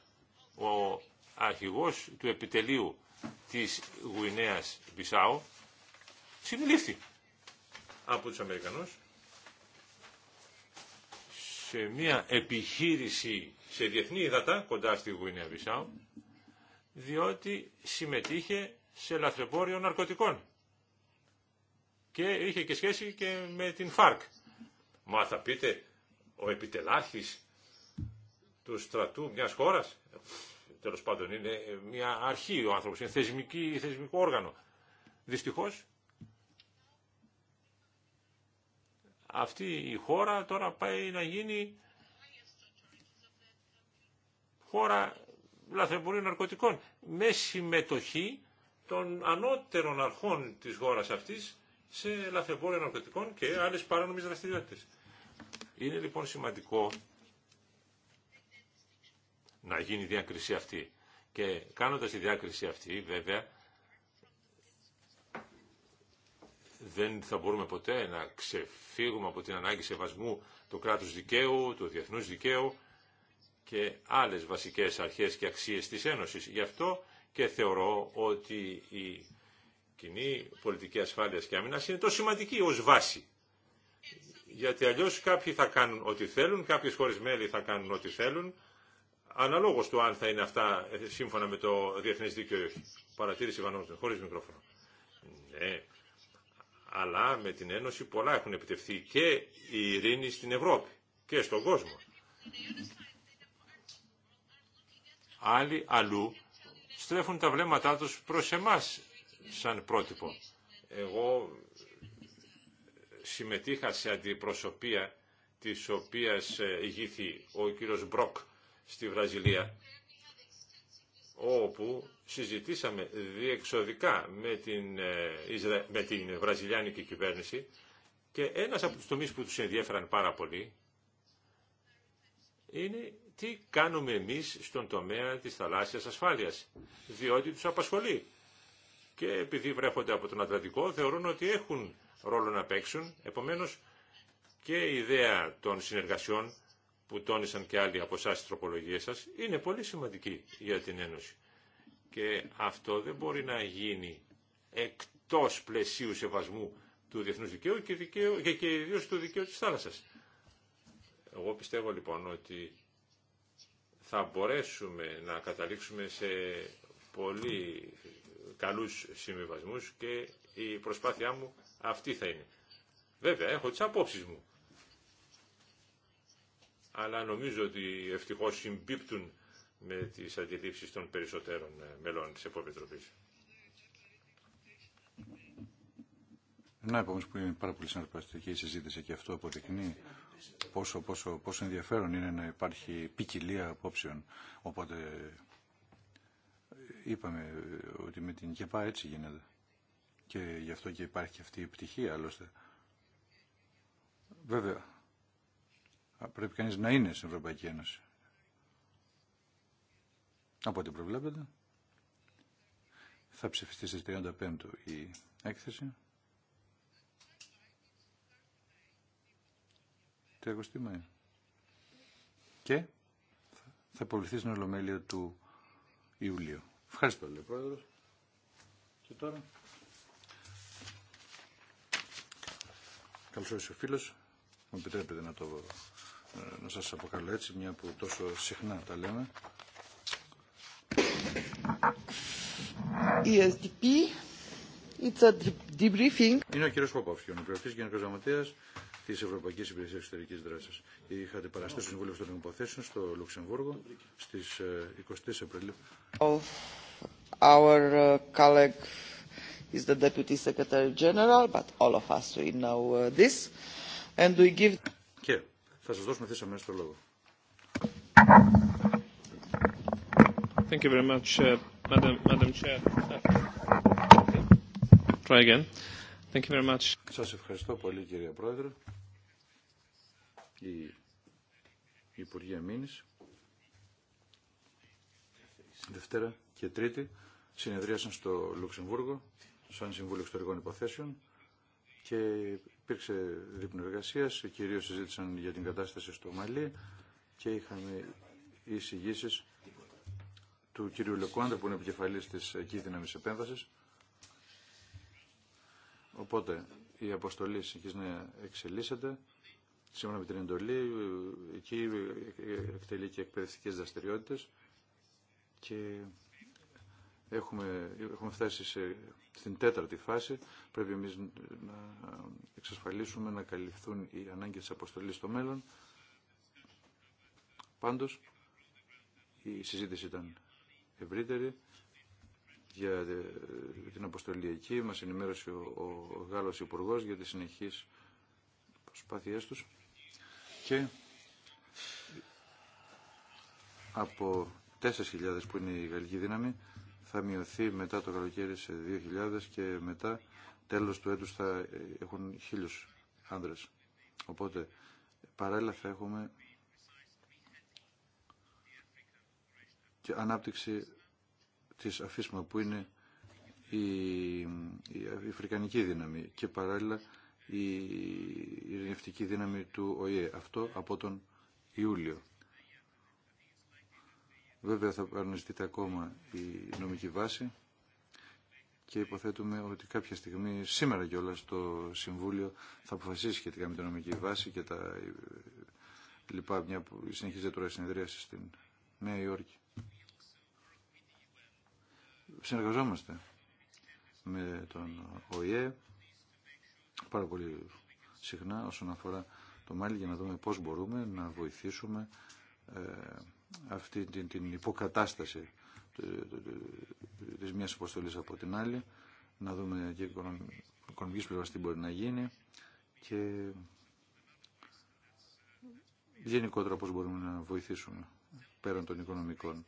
ο αρχηγός του επιτελείου της Γουινέας Βισάου συνελήφθη από τους Αμερικανούς σε μια επιχείρηση σε διεθνή υδατά κοντά στη Γουινέα Μπισάου διότι συμμετείχε σε λαθρεμπόριο ναρκωτικών. Και είχε και σχέση και με την ΦΑΡΚ. Μα θα πείτε, ο επιτελάρχης του στρατού μιας χώρας, τέλος πάντων είναι μια αρχή ο άνθρωπος, είναι θεσμική, θεσμικό όργανο. Δυστυχώς, αυτή η χώρα τώρα πάει να γίνει χώρα λαθρεμπορίων ναρκωτικών με συμμετοχή των ανώτερων αρχών της χώρας αυτής σε λαθεμπόρια ναρκωτικών και άλλες παράνομες δραστηριότητες. Είναι λοιπόν σημαντικό να γίνει η διάκριση αυτή. Και κάνοντας τη διάκριση αυτή βέβαια δεν θα μπορούμε ποτέ να ξεφύγουμε από την ανάγκη σεβασμού του κράτους δικαίου, του διεθνούς δικαίου και άλλες βασικές αρχές και αξίες της Ένωσης. Γι' αυτό και θεωρώ ότι η κοινή πολιτική ασφάλειας και άμυνας είναι το σημαντική ως βάση. Γιατί αλλιώς κάποιοι θα κάνουν ό,τι θέλουν, κάποιες χώρες μέλη θα κάνουν ό,τι θέλουν, αναλόγως του αν θα είναι αυτά σύμφωνα με το διεθνές δίκαιο ή όχι. Παρατήρηση Βανόντων, χωρίς μικρόφωνο. Ναι. Αλλά με την Ένωση πολλά έχουν επιτευχθεί και η ειρήνη στην Ευρώπη και στον κόσμο. Άλλοι αλλού στρέφουν τα βλέμματά τους προς εμάς σαν πρότυπο. Εγώ συμμετείχα σε αντιπροσωπεία της οποίας ε, ηγήθη ο κύριος Μπροκ στη Βραζιλία όπου συζητήσαμε διεξοδικά με την, ε, με την βραζιλιάνικη κυβέρνηση και ένας από τους τομείς που τους ενδιέφεραν πάρα πολύ είναι τι κάνουμε εμείς στον τομέα της θαλάσσιας ασφάλειας, διότι τους απασχολεί. Και επειδή βρέχονται από τον Ατλαντικό, θεωρούν ότι έχουν ρόλο να παίξουν, επομένως και η ιδέα των συνεργασιών που τόνισαν και άλλοι από εσάς τις σας, είναι πολύ σημαντική για την Ένωση. Και αυτό δεν μπορεί να γίνει εκτός πλαισίου σεβασμού του διεθνούς δικαίου και, δικαίου, και ιδίως του δικαίου της θάλασσας. Εγώ πιστεύω λοιπόν ότι θα μπορέσουμε να καταλήξουμε σε πολύ καλούς συμβιβασμούς και η προσπάθειά μου αυτή θα είναι. Βέβαια, έχω τις απόψεις μου. Αλλά νομίζω ότι ευτυχώς συμπίπτουν με τις αντιλήψεις των περισσότερων μελών της Εποπιτροπής. Να, επομένως που είναι πάρα πολύ συναρπαστική η συζήτηση και αυτό αποδεικνύει πόσο, πόσο, πόσο ενδιαφέρον είναι να υπάρχει ποικιλία απόψεων. Οπότε είπαμε ότι με την ΚΕΠΑ έτσι γίνεται. Και γι' αυτό και υπάρχει και αυτή η πτυχία άλλωστε. Βέβαια, πρέπει κανείς να είναι στην Ευρωπαϊκή Ένωση. Από ό,τι προβλέπετε, θα ψηφιστεί στις 35 η έκθεση 30 Μαΐου. Και θα υποβληθεί στην Ολομέλεια του Ιουλίου. Ευχαριστώ, λέει Πρόεδρος. Και τώρα... Καλώς ήρθατε ο φίλος. Μου επιτρέπετε να, το, ε, να σας αποκαλώ έτσι, μια που τόσο συχνά τα λέμε. E Είναι ο κύριος Παπόφσκι, ο νεκροτής γενικός γραμματέας τη Ευρωπαϊκή Υπηρεσία Εξωτερική Δράση. Είχατε παραστεί στο Συμβούλιο των Υποθέσεων στο Λουξεμβούργο στι 23 ε, Απριλίου. Oh, our uh, colleague is the Deputy Secretary General, but all of us we know uh, this. And we give... Και θα σας δώσουμε θέση αμέσω το λόγο. Thank you very much, uh, Madam, Madam Chair. Try again. Thank Σας ευχαριστώ πολύ κύριε Πρόεδρε. Η Υπουργή Αμήνης Δευτέρα και Τρίτη συνεδρίασαν στο Λουξεμβούργο σαν Συμβούλιο Εξωτερικών Υποθέσεων και υπήρξε δείπνο εργασία, κυρίως συζήτησαν για την κατάσταση στο Μαλί και είχαμε εισηγήσει του κυρίου Λεκουάντα που είναι επικεφαλής της Εκεί Δύναμης Επέμβασης Οπότε η αποστολή συνεχίζει να εξελίσσεται. Σύμφωνα με την εντολή, εκεί εκτελεί και εκπαιδευτικές δραστηριότητε και έχουμε, έχουμε φτάσει σε, στην τέταρτη φάση. Πρέπει εμεί να εξασφαλίσουμε να καλυφθούν οι ανάγκες τη αποστολή στο μέλλον. Πάντως, η συζήτηση ήταν ευρύτερη για ε, την αποστολή εκεί. Μας ενημέρωσε ο, ο Γάλλος υπουργό για τις συνεχείς προσπάθειές τους. Και από 4.000 που είναι η γαλλική δύναμη θα μειωθεί μετά το καλοκαίρι σε 2.000 και μετά τέλος του έτους θα ε, έχουν χίλιους άνδρες. Οπότε παράλληλα θα έχουμε και ανάπτυξη της αφίσμα που είναι η, η αφρικανική δύναμη και παράλληλα η ειρηνευτική δύναμη του ΟΗΕ. Αυτό από τον Ιούλιο. Βέβαια θα αναζητείται ακόμα η νομική βάση και υποθέτουμε ότι κάποια στιγμή σήμερα κιόλα το Συμβούλιο θα αποφασίσει σχετικά με την νομική βάση και τα λοιπά μια που συνεχίζεται τώρα η συνεδρίαση στην Νέα Υόρκη συνεργαζόμαστε με τον ΟΗΕ πάρα πολύ συχνά όσον αφορά το Μάλι για να δούμε πώς μπορούμε να βοηθήσουμε ε, αυτή την, υποκατάσταση της μιας υποστολής από την άλλη να δούμε και οικονομικής πλευράς τι μπορεί να γίνει και γενικότερα πώς μπορούμε να βοηθήσουμε πέραν των οικονομικών.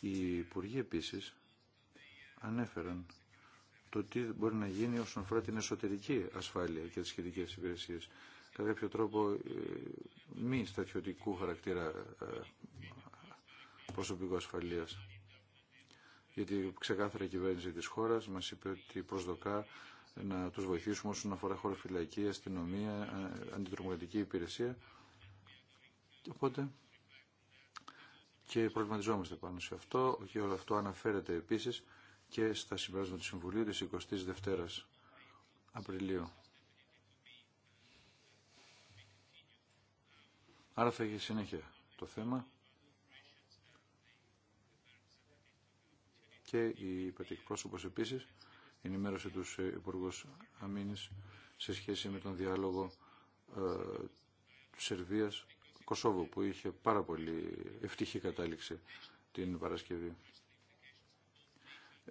Οι υπουργοί επίσης ανέφεραν το τι μπορεί να γίνει όσον αφορά την εσωτερική ασφάλεια και τις σχετικές υπηρεσίες. Κατά κάποιο τρόπο ε, μη στατιωτικού χαρακτήρα ε, προσωπικού ασφαλείας. Γιατί ξεκάθαρα η κυβέρνηση της χώρας μας είπε ότι προσδοκά να τους βοηθήσουμε όσον αφορά χωροφυλακή, αστυνομία, ε, αντιτρομοκρατική υπηρεσία. Οπότε και προβληματιζόμαστε πάνω σε αυτό και όλο αυτό αναφέρεται επίσης και στα συμπράσματα του Συμβουλίου της 22ης Απριλίου. Άρα θα έχει συνέχεια το θέμα και η πατεκπρόσωπος επίσης ενημέρωσε τους ε, Υπουργούς Αμήνης σε σχέση με τον διάλογο ε, Σερβίας Κοσόβου που είχε πάρα πολύ ευτυχή κατάληξη την Παρασκευή.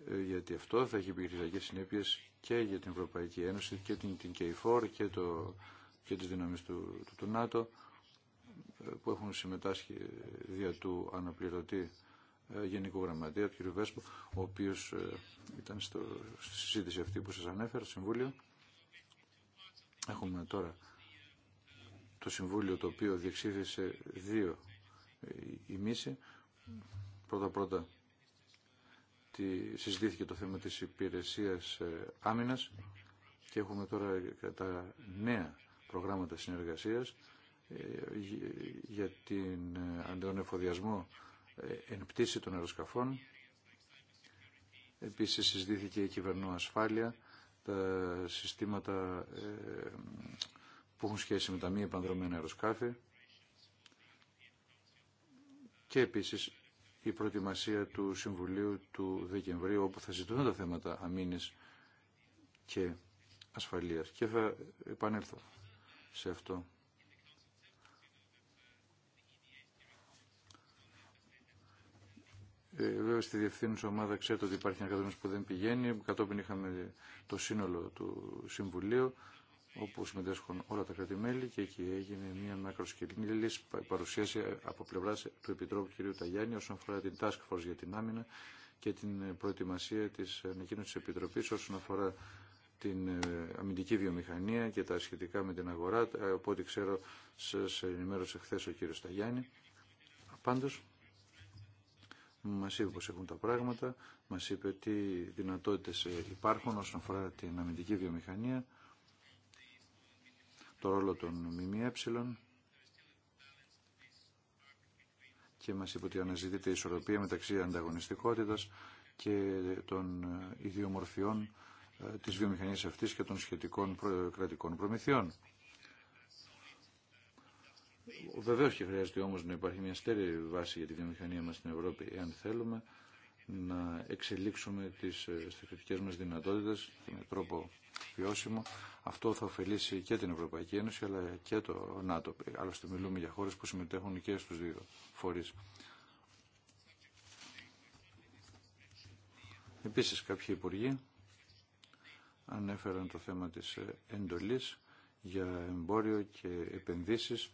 Ε, γιατί αυτό θα έχει επιχειρησιακές συνέπειες και για την Ευρωπαϊκή Ένωση και την, την ΚΕΙΦΟΡ και, το, και τις δυνάμεις του, του, του ΝΑΤΟ ε, που έχουν συμμετάσχει δια του αναπληρωτή ε, Γενικού Γραμματέα, του κ. Βέσπο, ο οποίος ήταν στο, στη συζήτηση αυτή που σας ανέφερα, το Συμβούλιο. Έχουμε τώρα το Συμβούλιο το οποίο διεξήφθησε δύο ημίση. Πρώτα-πρώτα συζητήθηκε το θέμα της υπηρεσίας ε, άμυνας και έχουμε τώρα τα νέα προγράμματα συνεργασίας ε, για την, ε, αντεονεφοδιασμό εφοδιασμό εν πτήση των αεροσκαφών. Επίσης συζητήθηκε η κυβερνό ασφάλεια, τα συστήματα που έχουν σχέση με τα μη επανδρομένα αεροσκάφη και επίσης η προετοιμασία του Συμβουλίου του Δεκεμβρίου όπου θα ζητούν τα θέματα αμήνης και ασφαλείας. Και θα επανέλθω σε αυτό. Ε, βέβαια στη διευθύνουσα ομάδα ξέρετε ότι υπάρχει ένα κατόπιν που δεν πηγαίνει. Κατόπιν είχαμε το σύνολο του Συμβουλίου όπου συμμετέσχουν όλα τα μέλη και εκεί έγινε μια μακροσκελή παρουσίαση από πλευρά του Επιτρόπου κ. Ταγιάννη όσον αφορά την Task Force για την άμυνα και την ε, προετοιμασία τη ε, ανακοίνωση τη Επιτροπή όσον αφορά την ε, αμυντική βιομηχανία και τα σχετικά με την αγορά. Από ό,τι ξέρω, σα ενημέρωσε χθε ο κ. Ταγιάννη. Πάντω, μα είπε πώ έχουν τα πράγματα, μα είπε τι δυνατότητε υπάρχουν όσον αφορά την αμυντική βιομηχανία το ρόλο των ΜΜΕ και μας είπε ότι αναζητείται ισορροπία μεταξύ ανταγωνιστικότητας και των ιδιομορφιών ε, της βιομηχανίας αυτής και των σχετικών κρατικών προμηθειών. Βεβαίως και χρειάζεται όμως να υπάρχει μια στέρεη βάση για τη βιομηχανία μας στην Ευρώπη, εάν θέλουμε να εξελίξουμε τις ε, στρατιωτικές μας δυνατότητες με τρόπο βιώσιμο. Αυτό θα ωφελήσει και την Ευρωπαϊκή Ένωση αλλά και το ΝΑΤΟ. Άλλωστε μιλούμε για χώρες που συμμετέχουν και στους δύο φορείς. Επίσης κάποιοι υπουργοί ανέφεραν το θέμα της ε, εντολής για εμπόριο και επενδύσεις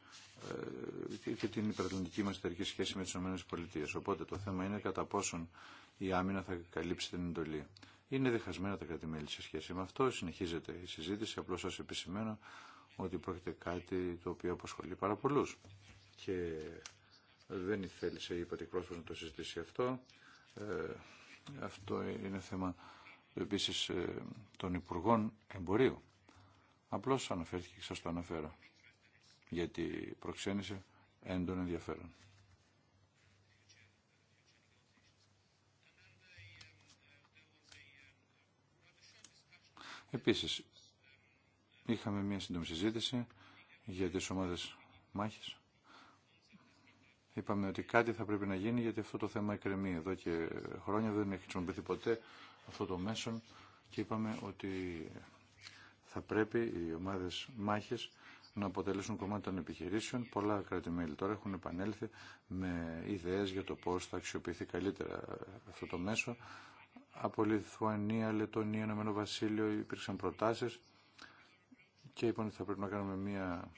ε, και την υπερατλαντική μας εταιρική σχέση με τις ΗΠΑ. Οπότε το θέμα είναι κατά πόσον η άμυνα θα καλύψει την εντολή. Είναι διχασμένα τα κρατημέλη σε σχέση με αυτό. Συνεχίζεται η συζήτηση. Απλώ σα επισημαίνω ότι πρόκειται κάτι το οποίο απασχολεί πάρα πολλού. Και δεν θέλησε η πατικρόσωπο να το συζητήσει αυτό. Ε, αυτό είναι θέμα επίσης ε, των Υπουργών Εμπορίου. Απλώς αναφέρθηκε και σα το αναφέρω, γιατί προξένησε έντονο ενδιαφέρον. Επίσης, είχαμε μια σύντομη συζήτηση για τις ομάδες μάχης. Είπαμε ότι κάτι θα πρέπει να γίνει γιατί αυτό το θέμα εκκρεμεί εδώ και χρόνια, δεν έχει χρησιμοποιηθεί ποτέ αυτό το μέσο και είπαμε ότι θα πρέπει οι ομάδες μάχης να αποτελέσουν κομμάτι των επιχειρήσεων. Πολλά κράτη-μέλη τώρα έχουν επανέλθει με ιδέες για το πώς θα αξιοποιηθεί καλύτερα αυτό το μέσο από Λιθουανία, Λετωνία, Ενωμένο Βασίλειο υπήρξαν προτάσεις και είπαν ότι θα πρέπει να κάνουμε μια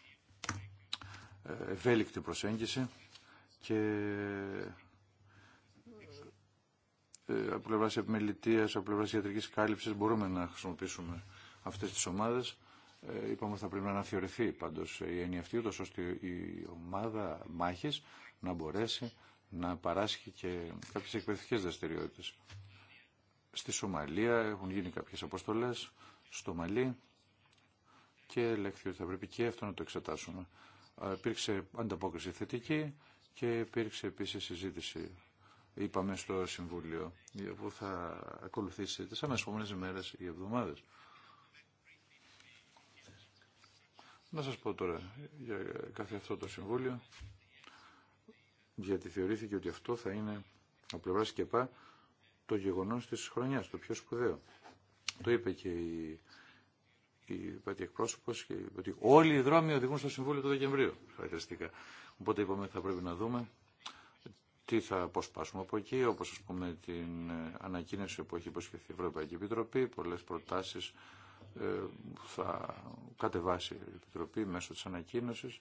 ε, ευέλικτη προσέγγιση και ε, από πλευρά επιμελητία, από πλευρά ιατρική κάλυψη μπορούμε να χρησιμοποιήσουμε αυτέ τι ομάδε. Ε, είπαμε ότι θα πρέπει να αναθεωρηθεί πάντω η έννοια αυτή, ούτω ώστε η ομάδα μάχη να μπορέσει να παράσχει και κάποιε εκπαιδευτικέ δραστηριότητε στη Σομαλία, έχουν γίνει κάποιες αποστολές στο Μαλί και λέγεται ότι θα πρέπει και αυτό να το εξετάσουμε. Ε, υπήρξε ανταπόκριση θετική και υπήρξε επίσης συζήτηση, είπαμε, στο Συμβούλιο, που θα ακολουθήσει τις αμέσως μέρες ή εβδομάδες. Να σας πω τώρα για κάθε αυτό το Συμβούλιο, γιατί θεωρήθηκε ότι αυτό θα είναι από πλευρά ΚΕΠΑ το γεγονός της χρονιάς, το πιο σπουδαίο. Το είπε και η, η εκπρόσωπος, ότι όλοι οι δρόμοι οδηγούν στο Συμβούλιο του Δεκεμβρίου, χαρακτηριστικά. Οπότε είπαμε θα πρέπει να δούμε τι θα αποσπάσουμε από εκεί, όπως ας πούμε την ε, ανακοίνωση που έχει υποσχεθεί η Ευρωπαϊκή Επιτροπή, πολλές προτάσεις ε, θα κατεβάσει η Επιτροπή μέσω της ανακοίνωσης.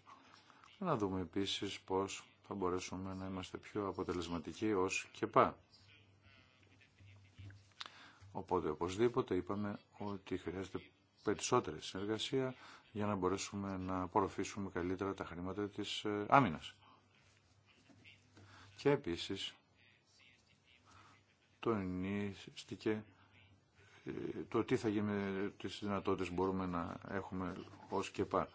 Να δούμε επίσης πώς θα μπορέσουμε να είμαστε πιο αποτελεσματικοί ως και Οπότε οπωσδήποτε είπαμε ότι χρειάζεται περισσότερη συνεργασία για να μπορέσουμε να απορροφήσουμε καλύτερα τα χρήματα της ε, άμυνας. Και επίσης τονίστηκε ε, το τι θα γίνει με τις δυνατότητες μπορούμε να έχουμε ως και πά.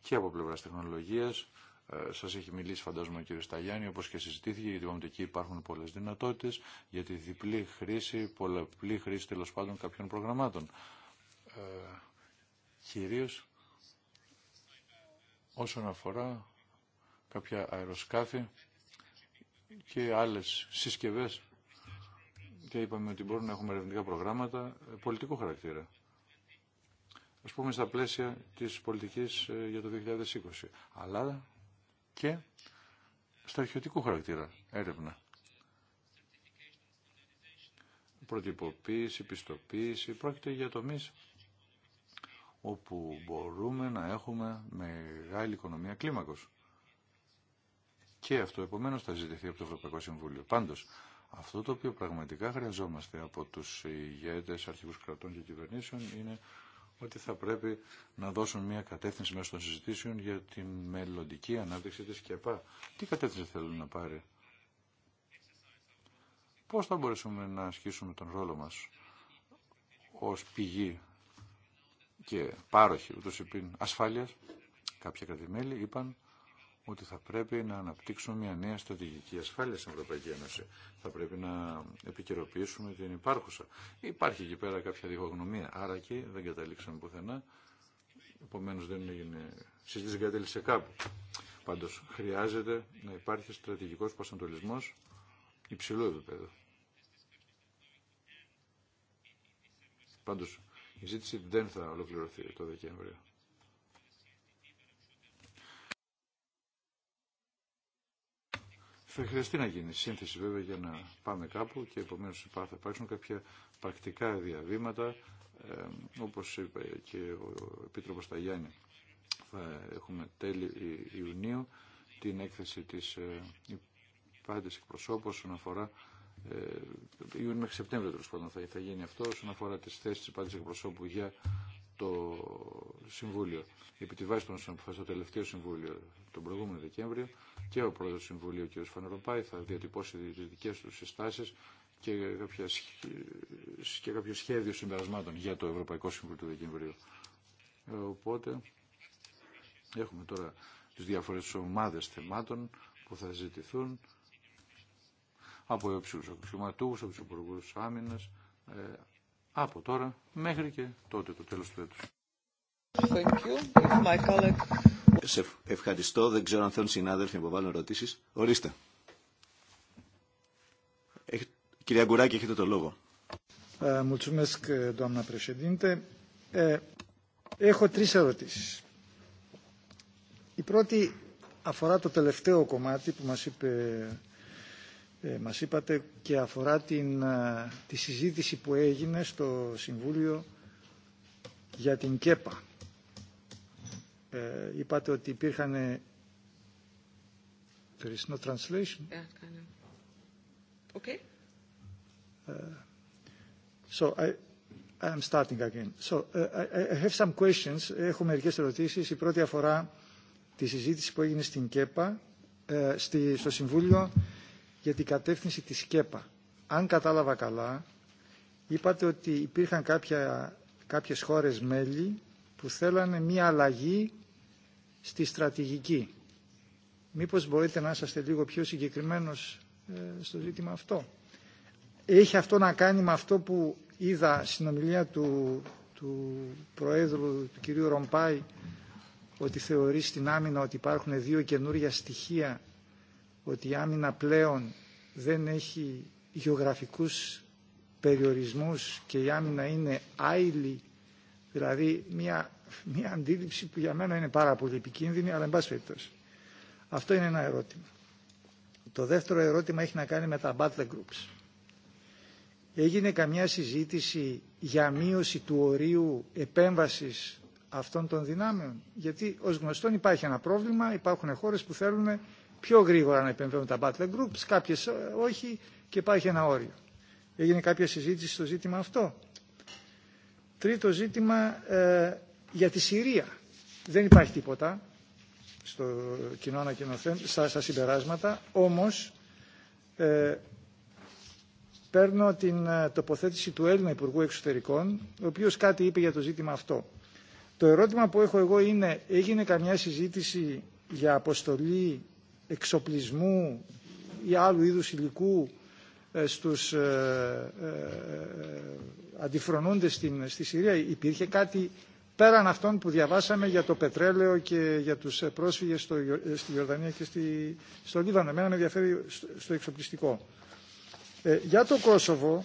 Και από πλευράς τεχνολογίας ε, Σα έχει μιλήσει φαντάζομαι ο κύριος Σταγιάννη, όπως και συζητήθηκε, γιατί είπαμε εκεί υπάρχουν πολλέ δυνατότητε για τη διπλή χρήση, πολλαπλή χρήση τέλο πάντων κάποιων προγραμμάτων. Ε, κυρίως όσον αφορά κάποια αεροσκάφη και άλλες συσκευές και είπαμε ότι μπορούν να έχουμε ερευνητικά προγράμματα ε, πολιτικού χαρακτήρα. Ας πούμε στα πλαίσια της πολιτικής ε, για το 2020. Αλλά και στρατιωτικού χαρακτήρα έρευνα. Προτυποποίηση, πιστοποίηση, πρόκειται για τομείς όπου μπορούμε να έχουμε μεγάλη οικονομία κλίμακος. Και αυτό επομένως θα ζητηθεί από το Ευρωπαϊκό Συμβούλιο. Πάντως, αυτό το οποίο πραγματικά χρειαζόμαστε από τους ηγέτες αρχικούς κρατών και κυβερνήσεων είναι ότι θα πρέπει να δώσουν μια κατεύθυνση μέσα των συζητήσεων για την μελλοντική ανάπτυξη της ΚΕΠΑ. Τι κατεύθυνση θέλουν να πάρει. Πώς θα μπορέσουμε να ασκήσουμε τον ρόλο μας ως πηγή και πάροχη ούτως υπήν ασφάλειας. Κάποια κρατημέλη είπαν ότι θα πρέπει να αναπτύξουμε μια νέα στρατηγική ασφάλεια στην Ευρωπαϊκή Ένωση. Θα πρέπει να επικαιροποιήσουμε την υπάρχουσα. Υπάρχει εκεί πέρα κάποια διχογνωμία, άρα και δεν καταλήξαμε πουθενά. Επομένω δεν έγινε συζήτηση κατέληξε κάπου. Πάντω χρειάζεται να υπάρχει στρατηγικό προσανατολισμό υψηλού επίπεδου. Πάντω η ζήτηση δεν θα ολοκληρωθεί το Δεκέμβριο. θα χρειαστεί να γίνει σύνθεση βέβαια για να πάμε κάπου και επομένω θα υπάρξουν κάποια πρακτικά διαβήματα ε, όπως είπε και ο Επίτροπος Ταγιάννη θα έχουμε τέλη Ιουνίου την έκθεση της ε, εκπροσώπων εκπροσώπου όσον αφορά ε, Ιούνιο μέχρι Σεπτέμβριο τέλο πάντων θα, θα γίνει αυτό όσον αφορά τις θέσεις της υπάντης εκπροσώπου για το Συμβούλιο, επί τη βάση των το τελευταίο Συμβούλιο τον προηγούμενο Δεκέμβριο και ο πρόεδρο του Συμβουλίου κ. Φανεροπάη θα διατυπώσει τι δικέ του συστάσεις και και κάποιο σχέδιο συμπερασμάτων για το Ευρωπαϊκό Συμβούλιο του Δεκεμβρίου. Οπότε έχουμε τώρα τι διάφορε ομάδε θεμάτων που θα ζητηθούν από υψηλούς αξιωματούχου, από του υπουργού Άμυνα. Ε, από τώρα μέχρι και τότε το τέλος του έτους. Thank you. My colleague. Σε ευχαριστώ. Δεν ξέρω αν θέλουν συνάδελφοι να υποβάλουν ερωτήσεις. Ορίστε. Έχ... Κυρία Γκουράκη, έχετε το λόγο. Ε, ε, ε, έχω τρεις ερωτήσεις. Η πρώτη αφορά το τελευταίο κομμάτι που μας είπε ε, μας είπατε και αφορά την, ε, τη συζήτηση που έγινε στο Συμβούλιο για την ΚΕΠΑ. Ε, είπατε ότι υπήρχαν... Ε, there is no translation. Yeah, kind Okay. Uh, so I, I'm starting again. So I, I have some questions. Έχω μερικές ερωτήσεις. Η πρώτη αφορά τη συζήτηση που έγινε στην ΚΕΠΑ, στη, στο Συμβούλιο για την κατεύθυνση της ΚΕΠΑ. Αν κατάλαβα καλά, είπατε ότι υπήρχαν κάποια, κάποιες χώρες μέλη που θέλανε μία αλλαγή στη στρατηγική. Μήπως μπορείτε να είσαστε λίγο πιο συγκεκριμένος ε, στο ζήτημα αυτό. Έχει αυτό να κάνει με αυτό που είδα στην ομιλία του, του Προέδρου, του κυρίου Ρομπάη, ότι θεωρεί στην άμυνα ότι υπάρχουν δύο καινούργια στοιχεία ότι η άμυνα πλέον δεν έχει γεωγραφικούς περιορισμούς και η άμυνα είναι άειλη, δηλαδή μια, μια αντίληψη που για μένα είναι πάρα πολύ επικίνδυνη, αλλά εν πάση περιπτώσει. Αυτό είναι ένα ερώτημα. Το δεύτερο ερώτημα έχει να κάνει με τα battle groups. Έγινε καμιά συζήτηση για μείωση του ορίου επέμβασης αυτών των δυνάμεων. Γιατί ως γνωστόν υπάρχει ένα πρόβλημα, υπάρχουν χώρες που θέλουν πιο γρήγορα να επεμβαίνουν τα battle groups, κάποιες ε, όχι και υπάρχει ένα όριο. Έγινε κάποια συζήτηση στο ζήτημα αυτό. Τρίτο ζήτημα ε, για τη Συρία. Δεν υπάρχει τίποτα στο κοινό ανακοινωθέν, στα, συμπεράσματα, όμως ε, παίρνω την ε, τοποθέτηση του Έλληνα Υπουργού Εξωτερικών, ο οποίος κάτι είπε για το ζήτημα αυτό. Το ερώτημα που έχω εγώ είναι, έγινε καμιά συζήτηση για αποστολή εξοπλισμού ή άλλου είδους υλικού ε, στους ε, ε, αντιφρονούντες στη Συρία. Υπήρχε κάτι πέραν αυτών που διαβάσαμε για το πετρέλαιο και για τους πρόσφυγες στη Ιορδανία και στη, στο Λίβανο. Εμένα με ενδιαφέρει στο εξοπλιστικό. για το Κόσοβο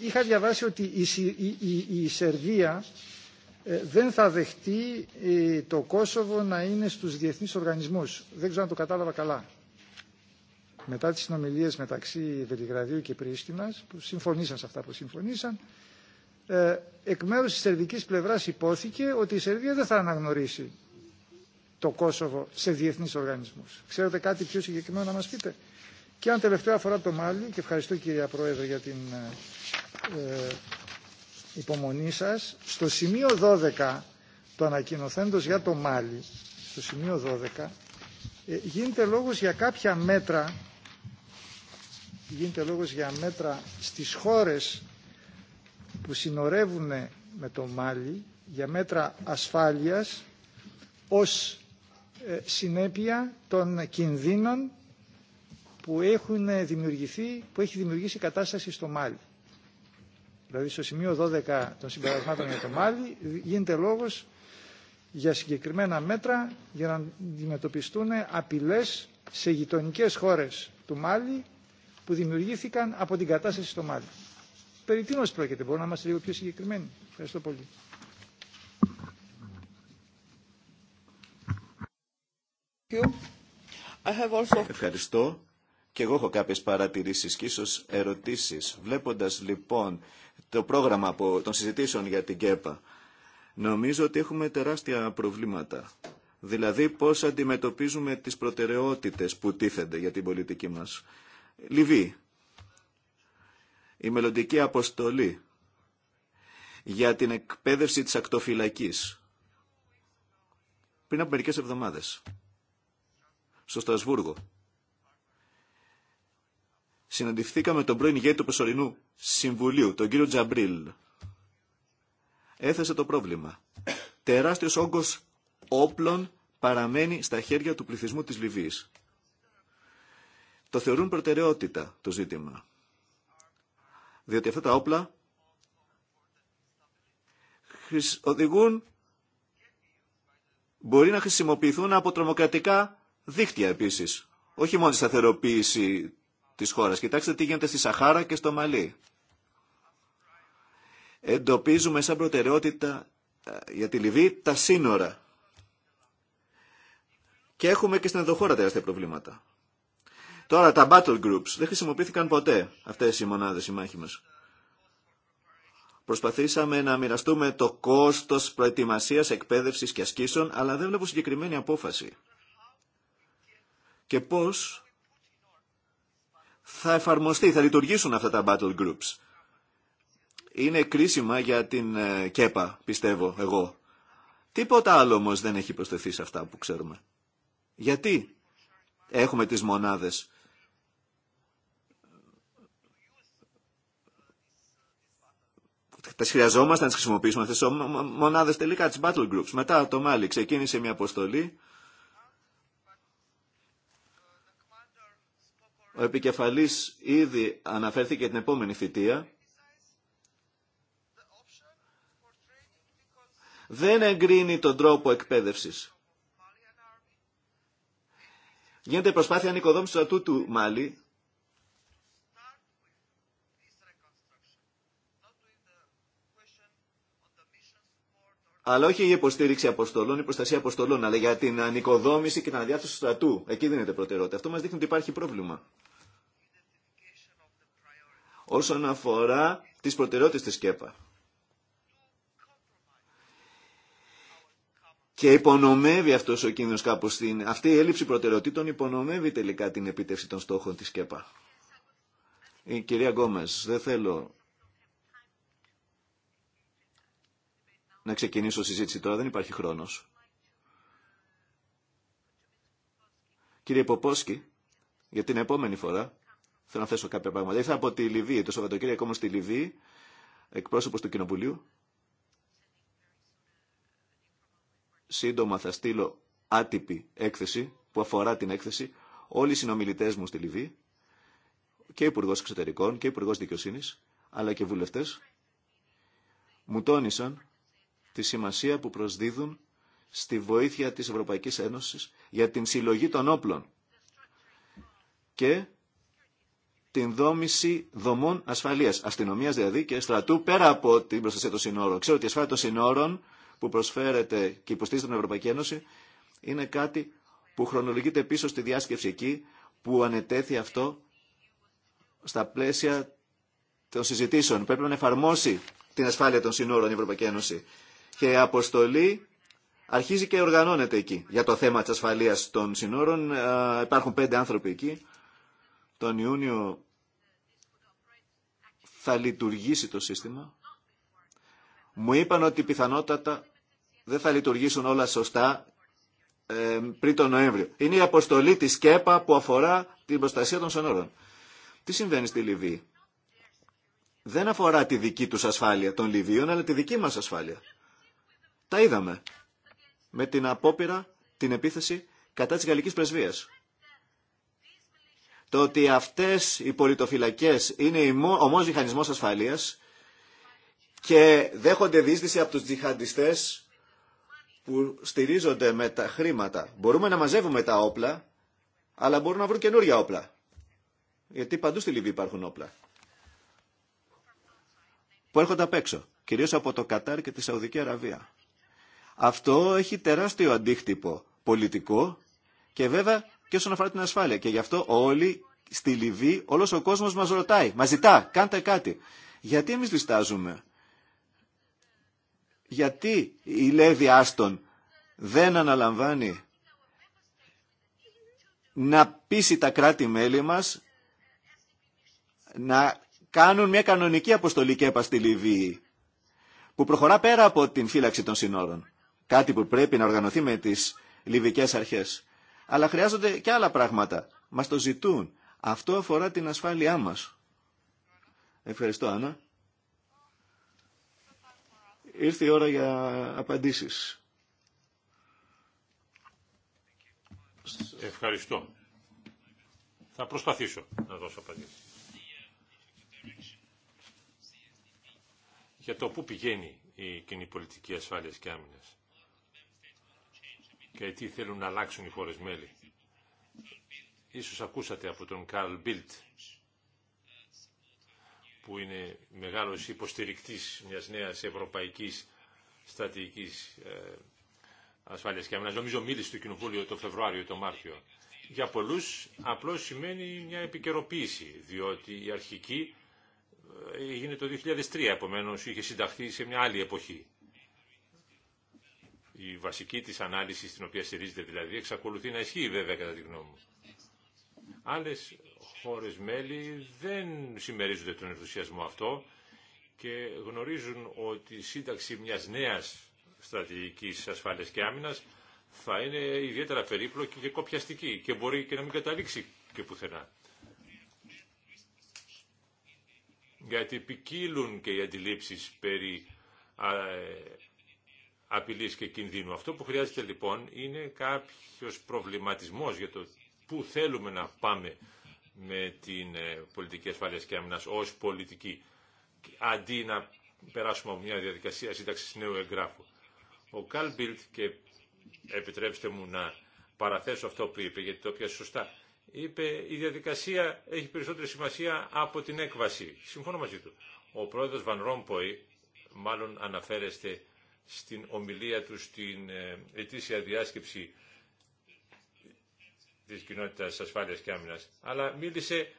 είχα διαβάσει ότι η, η Σερβία ε, δεν θα δεχτεί ε, το Κόσοβο να είναι στους διεθνείς οργανισμούς. Δεν ξέρω αν το κατάλαβα καλά. Μετά τις συνομιλίες μεταξύ Βελιγραδίου και Πρίστινας, που συμφωνήσαν σε αυτά που συμφωνήσαν, ε, εκ μέρους της σερβικής πλευράς υπόθηκε ότι η Σερβία δεν θα αναγνωρίσει το Κόσοβο σε διεθνείς οργανισμούς. Ξέρετε κάτι πιο συγκεκριμένο να μας πείτε. Και αν τελευταία αφορά το Μάλι, και ευχαριστώ κυρία Πρόεδρε για την υπομονή σας στο σημείο 12 του ανακοινωθέντος για το Μάλι στο σημείο 12 ε, γίνεται λόγος για κάποια μέτρα γίνεται λόγος για μέτρα στις χώρες που συνορεύουν με το Μάλι για μέτρα ασφάλειας ως ε, συνέπεια των κινδύνων που, έχουν δημιουργηθεί, που έχει δημιουργήσει η κατάσταση στο Μάλι. Δηλαδή στο σημείο 12 των συμπερασμάτων για το Μάλι γίνεται λόγος για συγκεκριμένα μέτρα για να αντιμετωπιστούν απειλές σε γειτονικέ χώρες του Μάλι που δημιουργήθηκαν από την κατάσταση στο Μάλι. Περί τίνος πρόκειται, μπορούμε να είμαστε λίγο πιο συγκεκριμένοι. Ευχαριστώ πολύ. Ευχαριστώ. Και εγώ έχω κάποιες παρατηρήσεις και ίσως ερωτήσεις. Βλέποντας λοιπόν το πρόγραμμα των συζητήσεων για την ΚΕΠΑ. Νομίζω ότι έχουμε τεράστια προβλήματα. Δηλαδή πώς αντιμετωπίζουμε τις προτεραιότητες που τίθενται για την πολιτική μας. Λιβύη. Η μελλοντική αποστολή για την εκπαίδευση της ακτοφυλακής. Πριν από μερικές εβδομάδες. Στο Στρασβούργο συναντηθήκαμε τον πρώην ηγέτη του Προσωρινού Συμβουλίου, τον κύριο Τζαμπρίλ. Έθεσε το πρόβλημα. Τεράστιος όγκος όπλων παραμένει στα χέρια του πληθυσμού της Λιβύης. Το θεωρούν προτεραιότητα το ζήτημα. Διότι αυτά τα όπλα οδηγούν, μπορεί να χρησιμοποιηθούν από τρομοκρατικά δίκτυα επίσης. Όχι μόνο τη σταθεροποίηση της χώρας. Κοιτάξτε τι γίνεται στη Σαχάρα και στο Μαλί. Εντοπίζουμε σαν προτεραιότητα ε, για τη Λιβύη τα σύνορα. Και έχουμε και στην ενδοχώρα τεράστια προβλήματα. Τώρα τα battle groups δεν χρησιμοποιήθηκαν ποτέ αυτές οι μονάδες, οι μάχοι Προσπαθήσαμε να μοιραστούμε το κόστος προετοιμασίας, εκπαίδευσης και ασκήσεων, αλλά δεν βλέπω συγκεκριμένη απόφαση. Και πώς θα εφαρμοστεί, θα λειτουργήσουν αυτά τα battle groups. Είναι κρίσιμα για την ε, ΚΕΠΑ, πιστεύω εγώ. Τίποτα άλλο όμως δεν έχει προσθεθεί σε αυτά που ξέρουμε. Γιατί έχουμε τις μονάδες. Τα χρειαζόμαστε να τις χρησιμοποιήσουμε αυτές τις μονάδες τελικά, τις battle groups. Μετά το Μάλι ξεκίνησε μια αποστολή Ο επικεφαλής ήδη αναφέρθηκε την επόμενη φοιτεία. Δεν εγκρίνει τον τρόπο εκπαίδευσης. Γίνεται προσπάθεια ανοικοδόμησης του στρατού του Μάλι Αλλά όχι η υποστήριξη αποστολών ή προστασία αποστολών, αλλά για την ανοικοδόμηση και την αδιάθεση του στρατού. Εκεί δίνεται προτεραιότητα. Αυτό μα δείχνει ότι υπάρχει πρόβλημα. Όσον αφορά τι προτεραιότητε τη ΚΕΠΑ. Και υπονομεύει αυτό ο κίνδυνο κάπω την. Αυτή η έλλειψη προτεραιοτήτων υπονομεύει τελικά την επίτευξη των στόχων τη ΚΕΠΑ. Η κυρία Γκόμε, δεν θέλω να ξεκινήσω συζήτηση τώρα, δεν υπάρχει χρόνος. Κύριε Ποπόσκι, για την επόμενη φορά θέλω να θέσω κάποια πράγματα. Ήρθα από τη Λιβύη, το Σαββατοκύριακο μου στη Λιβύη, εκπρόσωπος του Κοινοβουλίου. Σύντομα θα στείλω άτυπη έκθεση που αφορά την έκθεση. Όλοι οι συνομιλητές μου στη Λιβύη και Υπουργό Εξωτερικών και Υπουργό Δικαιοσύνη, αλλά και βουλευτέ, μου τόνισαν τη σημασία που προσδίδουν στη βοήθεια της Ευρωπαϊκής Ένωσης για την συλλογή των όπλων και την δόμηση δομών ασφαλείας, αστυνομίας δηλαδή και στρατού πέρα από την προστασία των συνόρων. Ξέρω ότι η ασφάλεια των συνόρων που προσφέρεται και υποστήριζεται την Ευρωπαϊκή Ένωση είναι κάτι που χρονολογείται πίσω στη διάσκεψη εκεί που ανετέθη αυτό στα πλαίσια των συζητήσεων. Πρέπει να εφαρμόσει την ασφάλεια των συνόρων η Ευρωπαϊκή Ένωση και η αποστολή αρχίζει και οργανώνεται εκεί. Για το θέμα της ασφαλείας των συνόρων ε, υπάρχουν πέντε άνθρωποι εκεί. Τον Ιούνιο θα λειτουργήσει το σύστημα. Μου είπαν ότι πιθανότατα δεν θα λειτουργήσουν όλα σωστά ε, πριν τον Νοέμβριο. Είναι η αποστολή της ΚΕΠΑ που αφορά την προστασία των συνόρων. Τι συμβαίνει στη Λιβύη. Δεν αφορά τη δική τους ασφάλεια των Λιβύων, αλλά τη δική μας ασφάλεια. Τα είδαμε με την απόπειρα, την επίθεση κατά της γαλλικής πρεσβείας. Το ότι αυτές οι πολιτοφυλακές είναι ο μόνος μηχανισμός ασφαλείας και δέχονται δίσδυση από τους τζιχαντιστές που στηρίζονται με τα χρήματα. Μπορούμε να μαζεύουμε τα όπλα, αλλά μπορούν να βρουν καινούργια όπλα. Γιατί παντού στη Λιβύη υπάρχουν όπλα. Που έρχονται απ' έξω, κυρίως από το Κατάρ και τη Σαουδική Αραβία. Αυτό έχει τεράστιο αντίκτυπο πολιτικό και βέβαια και όσον αφορά την ασφάλεια. Και γι' αυτό όλοι στη Λιβύη, όλος ο κόσμος μας ρωτάει, μας ζητά, κάντε κάτι. Γιατί εμείς διστάζουμε. Γιατί η Λέβη Άστον δεν αναλαμβάνει να πείσει τα κράτη-μέλη μας να κάνουν μια κανονική αποστολή ΚΕΠΑ στη Λιβύη που προχωρά πέρα από την φύλαξη των συνόρων. Κάτι που πρέπει να οργανωθεί με τις λιβικές αρχές. Αλλά χρειάζονται και άλλα πράγματα. Μας το ζητούν. Αυτό αφορά την ασφάλειά μας. Ευχαριστώ, Άννα. Ήρθε η ώρα για απαντήσεις. Ευχαριστώ. Θα προσπαθήσω να δώσω απαντήσεις. Για το πού πηγαίνει η κοινή πολιτική ασφάλειας και άμυνας και τι θέλουν να αλλάξουν οι χώρες μέλη. Ίσως ακούσατε από τον Καρλ Μπίλτ, που είναι μεγάλος υποστηρικτής μιας νέας ευρωπαϊκής στρατηγικής ε, ασφάλειας και αμυνάς. Νομίζω μίλησε στο Κοινοβούλιο το Φεβρουάριο ή το Μάρτιο. Για πολλούς απλώς σημαίνει μια επικαιροποίηση, διότι η αρχική ε, έγινε το 2003, επομένως είχε συνταχθεί σε μια άλλη εποχή η βασική της ανάλυση στην οποία στηρίζεται δηλαδή εξακολουθεί να ισχύει βέβαια κατά τη γνώμη μου. Άλλες χώρες μέλη δεν συμμερίζονται τον ενθουσιασμό αυτό και γνωρίζουν ότι η σύνταξη μιας νέας στρατηγικής ασφάλειας και άμυνας θα είναι ιδιαίτερα περίπλοκη και κοπιαστική και μπορεί και να μην καταλήξει και πουθενά. Γιατί ποικίλουν και οι αντιλήψεις περί Απειλή και κινδύνου. Αυτό που χρειάζεται λοιπόν είναι κάποιο προβληματισμό για το πού θέλουμε να πάμε με την ε, πολιτική ασφάλεια και άμυνα ω πολιτική, αντί να περάσουμε από μια διαδικασία σύνταξη νέου εγγράφου. Ο Καλ και επιτρέψτε μου να παραθέσω αυτό που είπε, γιατί το πιάσε σωστά, είπε η διαδικασία έχει περισσότερη σημασία από την έκβαση. Συμφωνώ μαζί του. Ο πρόεδρος Βαν Ρόμποϊ, μάλλον αναφέρεστε στην ομιλία του στην ε, ετήσια διάσκεψη της κοινότητας ασφάλειας και άμυνας, αλλά μίλησε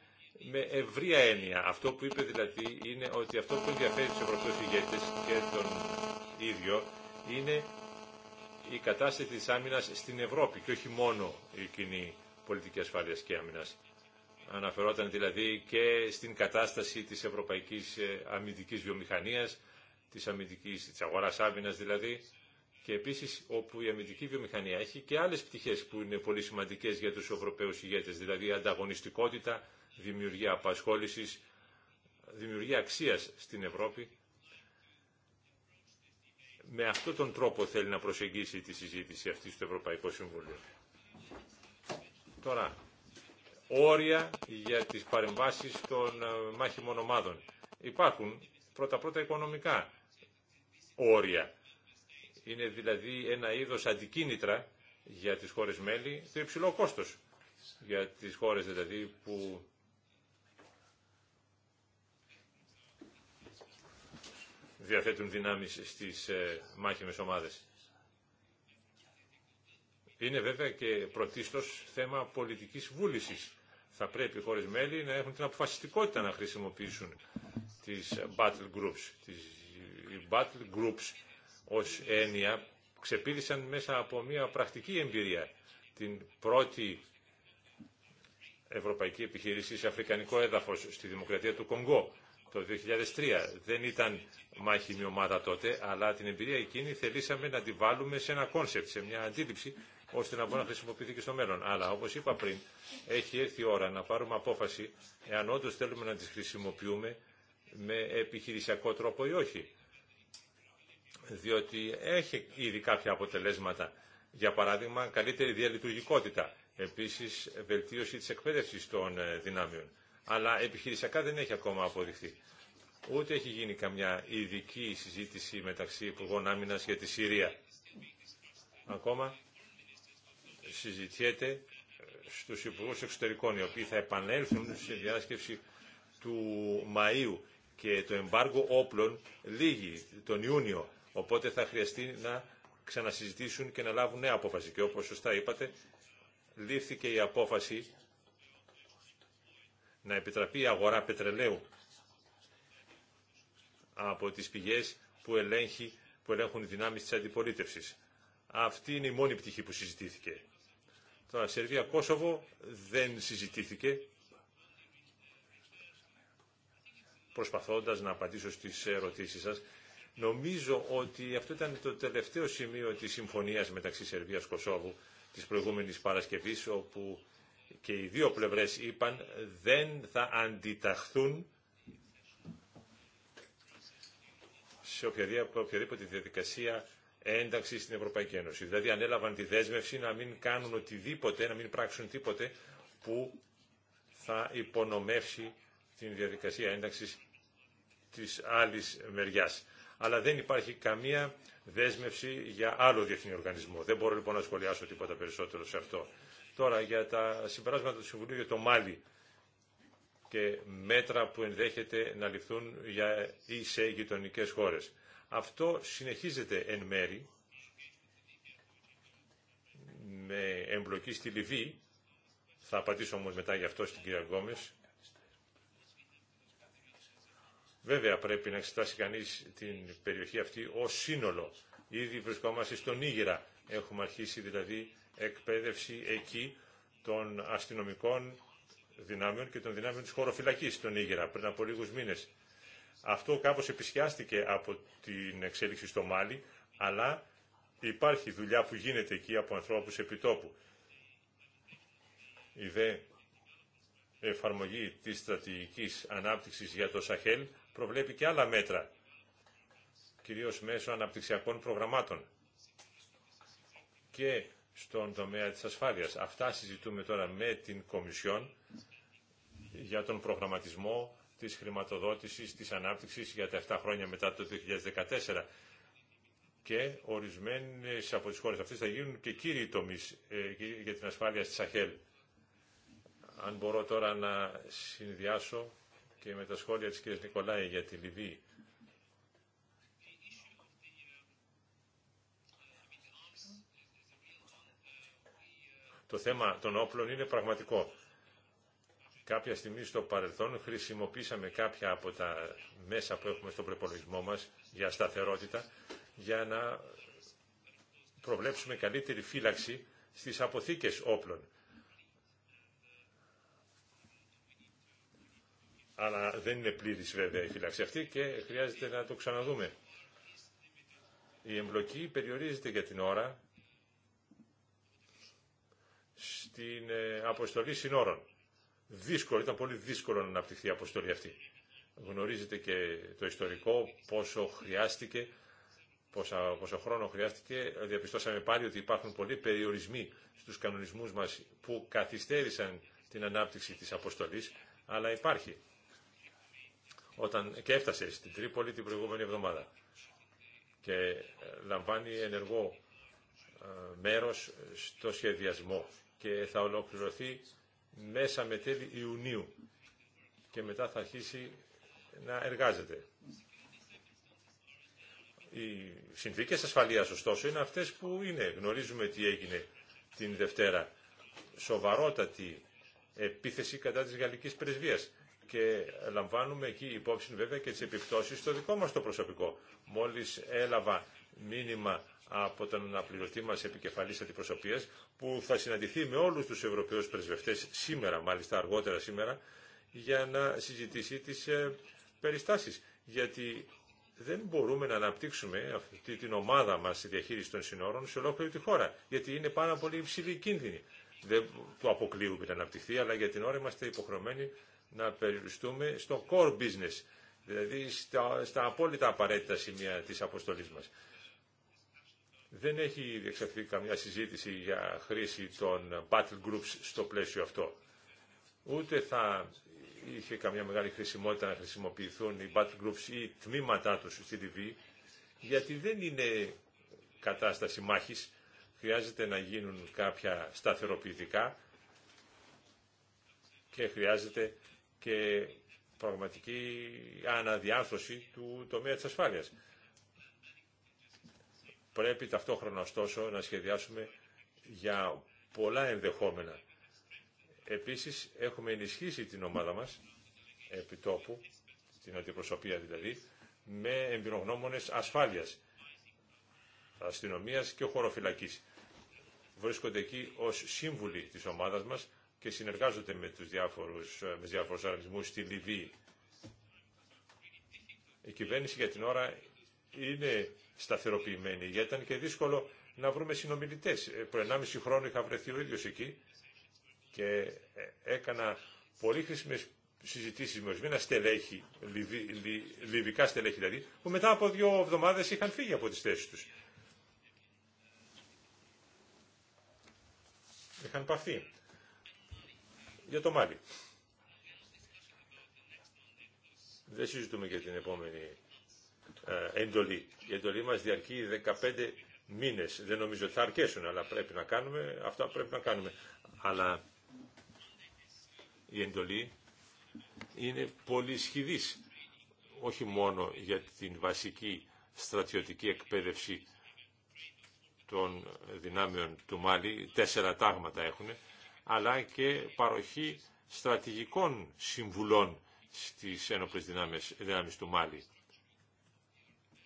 με ευρία έννοια. Αυτό που είπε δηλαδή είναι ότι αυτό που ενδιαφέρει τους Ευρωπαίους ηγέτες και τον ίδιο είναι η κατάσταση της άμυνας στην Ευρώπη και όχι μόνο η κοινή πολιτική ασφάλειας και άμυνας. Αναφερόταν δηλαδή και στην κατάσταση της ευρωπαϊκής ε, αμυντικής βιομηχανίας, Τη αμυντική, τη αγορά άμυνας δηλαδή, και επίσης όπου η αμυντική βιομηχανία έχει και άλλες πτυχές που είναι πολύ σημαντικέ για τους Ευρωπαίους ηγέτε. δηλαδή ανταγωνιστικότητα, δημιουργία απασχόλησης, δημιουργία αξίας στην Ευρώπη. Με αυτόν τον τρόπο θέλει να προσεγγίσει τη συζήτηση αυτή στο Ευρωπαϊκό Συμβούλιο. Τώρα, όρια για τις παρεμβάσεις των ε, μάχημων ομάδων. Υπάρχουν πρώτα-πρώτα οικονομικά όρια. Είναι δηλαδή ένα είδος αντικίνητρα για τις χώρες μέλη το υψηλό κόστος. Για τις χώρες δηλαδή που διαθέτουν δυνάμεις στις ε, μάχημες ομάδες. Είναι βέβαια και πρωτίστως θέμα πολιτικής βούλησης. Θα πρέπει οι χώρες μέλη να έχουν την αποφασιστικότητα να χρησιμοποιήσουν τις ε, battle groups, τις οι battle groups ως έννοια ξεπήδησαν μέσα από μια πρακτική εμπειρία. Την πρώτη ευρωπαϊκή επιχείρηση σε αφρικανικό έδαφος στη Δημοκρατία του Κονγκό το 2003. Δεν ήταν μάχημη ομάδα τότε, αλλά την εμπειρία εκείνη θελήσαμε να τη βάλουμε σε ένα κόνσεπτ, σε μια αντίληψη, ώστε να μπορεί να χρησιμοποιηθεί και στο μέλλον. Αλλά όπως είπα πριν, έχει έρθει η ώρα να πάρουμε απόφαση εάν όντω θέλουμε να τις χρησιμοποιούμε με επιχειρησιακό τρόπο ή όχι διότι έχει ήδη κάποια αποτελέσματα. Για παράδειγμα, καλύτερη διαλειτουργικότητα, επίσης βελτίωση της εκπαίδευσης των ε, δυνάμεων. Αλλά επιχειρησιακά δεν έχει ακόμα αποδειχθεί. Ούτε έχει γίνει καμιά ειδική συζήτηση μεταξύ Υπουργών Άμυνας για τη Συρία. Ακόμα συζητιέται ε, στους Υπουργούς Εξωτερικών, οι οποίοι θα επανέλθουν στη διάσκεψη του Μαΐου και το εμπάργο όπλων λύγει τον Ιούνιο. Οπότε θα χρειαστεί να ξανασυζητήσουν και να λάβουν νέα απόφαση. Και όπως σωστά είπατε, λήφθηκε η απόφαση να επιτραπεί η αγορά πετρελαίου από τις πηγές που, ελέγχει, που ελέγχουν δυνάμεις της αντιπολίτευσης. Αυτή είναι η μόνη πτυχή που συζητήθηκε. Τώρα, Σερβία Κόσοβο δεν συζητήθηκε, προσπαθώντας να απαντήσω στις ερωτήσεις σας. Νομίζω ότι αυτό ήταν το τελευταίο σημείο της συμφωνίας μεταξύ Σερβίας Κωσόβου της προηγούμενης Παρασκευής, όπου και οι δύο πλευρές είπαν δεν θα αντιταχθούν σε οποιαδήποτε διαδικασία ένταξη στην Ευρωπαϊκή Ένωση. Δηλαδή ανέλαβαν τη δέσμευση να μην κάνουν οτιδήποτε, να μην πράξουν τίποτε που θα υπονομεύσει την διαδικασία ένταξης της άλλης μεριάς αλλά δεν υπάρχει καμία δέσμευση για άλλο διεθνή οργανισμό. Δεν μπορώ λοιπόν να σχολιάσω τίποτα περισσότερο σε αυτό. Τώρα για τα συμπεράσματα του Συμβουλίου για το Μάλι και μέτρα που ενδέχεται να ληφθούν για ή σε γειτονικέ χώρε. Αυτό συνεχίζεται εν μέρη με εμπλοκή στη Λιβύη. Θα απαντήσω όμως μετά γι' αυτό στην κυρία Γκόμες. Βέβαια πρέπει να εξετάσει κανείς την περιοχή αυτή ως σύνολο. Ήδη βρισκόμαστε στον Νίγηρα. Έχουμε αρχίσει δηλαδή εκπαίδευση εκεί των αστυνομικών δυνάμεων και των δυνάμεων της χωροφυλακής στον Ήγηρα πριν από λίγους μήνες. Αυτό κάπως επισκιάστηκε από την εξέλιξη στο Μάλι, αλλά υπάρχει δουλειά που γίνεται εκεί από ανθρώπους επιτόπου. Η δε εφαρμογή της στρατηγικής ανάπτυξης για το Σαχέλ προβλέπει και άλλα μέτρα, κυρίως μέσω αναπτυξιακών προγραμμάτων και στον τομέα της ασφάλειας. Αυτά συζητούμε τώρα με την Κομισιόν για τον προγραμματισμό της χρηματοδότησης, της ανάπτυξης για τα 7 χρόνια μετά το 2014 και ορισμένες από τις χώρες αυτές θα γίνουν και κύριοι τομείς ε, για την ασφάλεια στη Σαχέλ. Αν μπορώ τώρα να συνδυάσω και με τα σχόλια της κ. Νικολάη για τη Λιβύη. Το θέμα των όπλων είναι πραγματικό. Κάποια στιγμή στο παρελθόν χρησιμοποίησαμε κάποια από τα μέσα που έχουμε στον προπολογισμό μας για σταθερότητα για να προβλέψουμε καλύτερη φύλαξη στις αποθήκες όπλων. αλλά δεν είναι πλήρης βέβαια η φύλαξη αυτή και χρειάζεται να το ξαναδούμε. Η εμπλοκή περιορίζεται για την ώρα στην ε, αποστολή συνόρων. Δύσκολο, ήταν πολύ δύσκολο να αναπτυχθεί η αποστολή αυτή. Γνωρίζετε και το ιστορικό, πόσο χρειάστηκε, πόσα, πόσο χρόνο χρειάστηκε. Διαπιστώσαμε πάλι ότι υπάρχουν πολλοί περιορισμοί στους κανονισμούς μας που καθυστέρησαν την ανάπτυξη της αποστολής, αλλά υπάρχει όταν και έφτασε στην Τρίπολη την προηγούμενη εβδομάδα και ε, λαμβάνει ενεργό ε, μέρος στο σχεδιασμό και θα ολοκληρωθεί μέσα με τέλη Ιουνίου και μετά θα αρχίσει να εργάζεται. Οι συνθήκες ασφαλείας ωστόσο είναι αυτές που είναι. Γνωρίζουμε τι έγινε την Δευτέρα. Σοβαρότατη επίθεση κατά της γαλλικής πρεσβείας και λαμβάνουμε εκεί υπόψη βέβαια και τις επιπτώσεις στο δικό μας το προσωπικό. Μόλις έλαβα μήνυμα από τον αναπληρωτή μας επικεφαλής αντιπροσωπείας που θα συναντηθεί με όλους τους Ευρωπαίους πρεσβευτές σήμερα, μάλιστα αργότερα σήμερα, για να συζητήσει τις ε, περιστάσεις. Γιατί δεν μπορούμε να αναπτύξουμε αυτή την ομάδα μας στη διαχείριση των συνόρων σε ολόκληρη τη χώρα, γιατί είναι πάρα πολύ υψηλή κίνδυνη. Δεν το αποκλείουμε να αναπτυχθεί, αλλά για την ώρα είμαστε υποχρεωμένοι να περιοριστούμε στο core business, δηλαδή στα, στα απόλυτα απαραίτητα σημεία της αποστολής μας. Δεν έχει διεξαχθεί καμιά συζήτηση για χρήση των battle groups στο πλαίσιο αυτό. Ούτε θα είχε καμιά μεγάλη χρησιμότητα να χρησιμοποιηθούν οι battle groups ή τμήματά τους στη TV, γιατί δεν είναι κατάσταση μάχης. Χρειάζεται να γίνουν κάποια σταθεροποιητικά και χρειάζεται και πραγματική αναδιάρθρωση του τομέα της ασφάλειας. Πρέπει ταυτόχρονα ωστόσο να σχεδιάσουμε για πολλά ενδεχόμενα. Επίσης έχουμε ενισχύσει την ομάδα μας επιτόπου, την αντιπροσωπεία δηλαδή, με εμπειρογνώμονες ασφάλειας, αστυνομίας και χωροφυλακής. Βρίσκονται εκεί ως σύμβουλοι της ομάδας μας και συνεργάζονται με τους διάφορους, ε, με διάφορους οργανισμούς στη Λιβύη. Η κυβέρνηση για την ώρα είναι σταθεροποιημένη, γιατί ήταν και δύσκολο να βρούμε συνομιλητές. Ε, Πριν 1,5 χρόνο είχα βρεθεί ο ίδιος εκεί και ε, έκανα πολύ χρήσιμες συζητήσεις με ορισμένα στελέχη, λιβικά στελέχη δηλαδή, που μετά από δύο εβδομάδες είχαν φύγει από τις θέσεις τους. Είχαν παθεί για το Μάλι. Δεν συζητούμε για την επόμενη ε, εντολή. Η εντολή μας διαρκεί 15 μήνες. Δεν νομίζω ότι θα αρκέσουν, αλλά πρέπει να κάνουμε αυτά πρέπει να κάνουμε. Αλλά η εντολή είναι πολύ σχηδής. Όχι μόνο για την βασική στρατιωτική εκπαίδευση των δυνάμεων του Μάλι, τέσσερα τάγματα έχουν, αλλά και παροχή στρατηγικών συμβουλών στις ένοπλες δυνάμεις, του Μάλι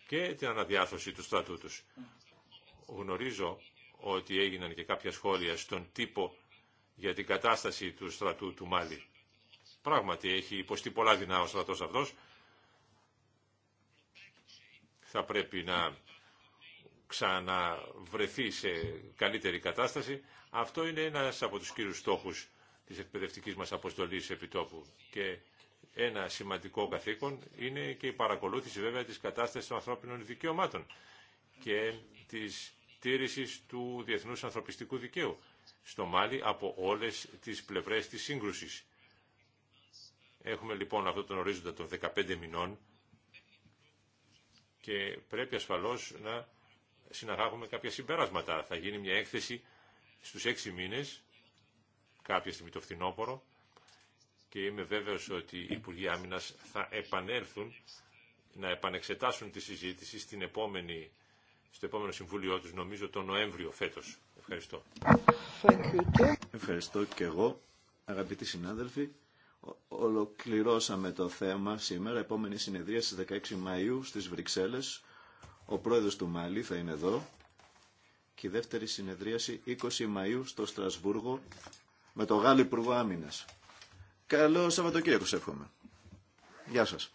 και την αναδιάθρωση του στρατού τους. Γνωρίζω ότι έγιναν και κάποια σχόλια στον τύπο για την κατάσταση του στρατού του Μάλι. Πράγματι έχει υποστεί πολλά δυνά ο στρατός αυτός. Θα πρέπει να ξαναβρεθεί σε καλύτερη κατάσταση. Αυτό είναι ένας από τους κύριους στόχους της εκπαιδευτικής μας αποστολής επιτόπου. Και ένα σημαντικό καθήκον είναι και η παρακολούθηση βέβαια της κατάστασης των ανθρώπινων δικαιωμάτων και της τήρησης του διεθνούς ανθρωπιστικού δικαίου στο Μάλι από όλες τις πλευρές της σύγκρουσης. Έχουμε λοιπόν αυτό τον ορίζοντα των 15 μηνών και πρέπει ασφαλώς να συναγάγουμε κάποια συμπεράσματα. Θα γίνει μια έκθεση στους έξι μήνες, κάποια στιγμή το φθινόπωρο, και είμαι βέβαιος ότι οι Υπουργοί Άμυνας θα επανέλθουν να επανεξετάσουν τη συζήτηση στην επόμενη, στο επόμενο Συμβούλιο τους, νομίζω τον Νοέμβριο φέτος. Ευχαριστώ. Ευχαριστώ και εγώ, αγαπητοί συνάδελφοι. Ολοκληρώσαμε το θέμα σήμερα. Επόμενη συνεδρία στις 16 Μαΐου στις Βρυξέλλες. Ο πρόεδρος του Μάλι θα είναι εδώ και η δεύτερη συνεδρίαση 20 Μαΐου στο Στρασβούργο με το Γάλλο Υπουργό Άμυνας. Καλό Σαββατοκύριακο, εύχομαι. Γεια σας.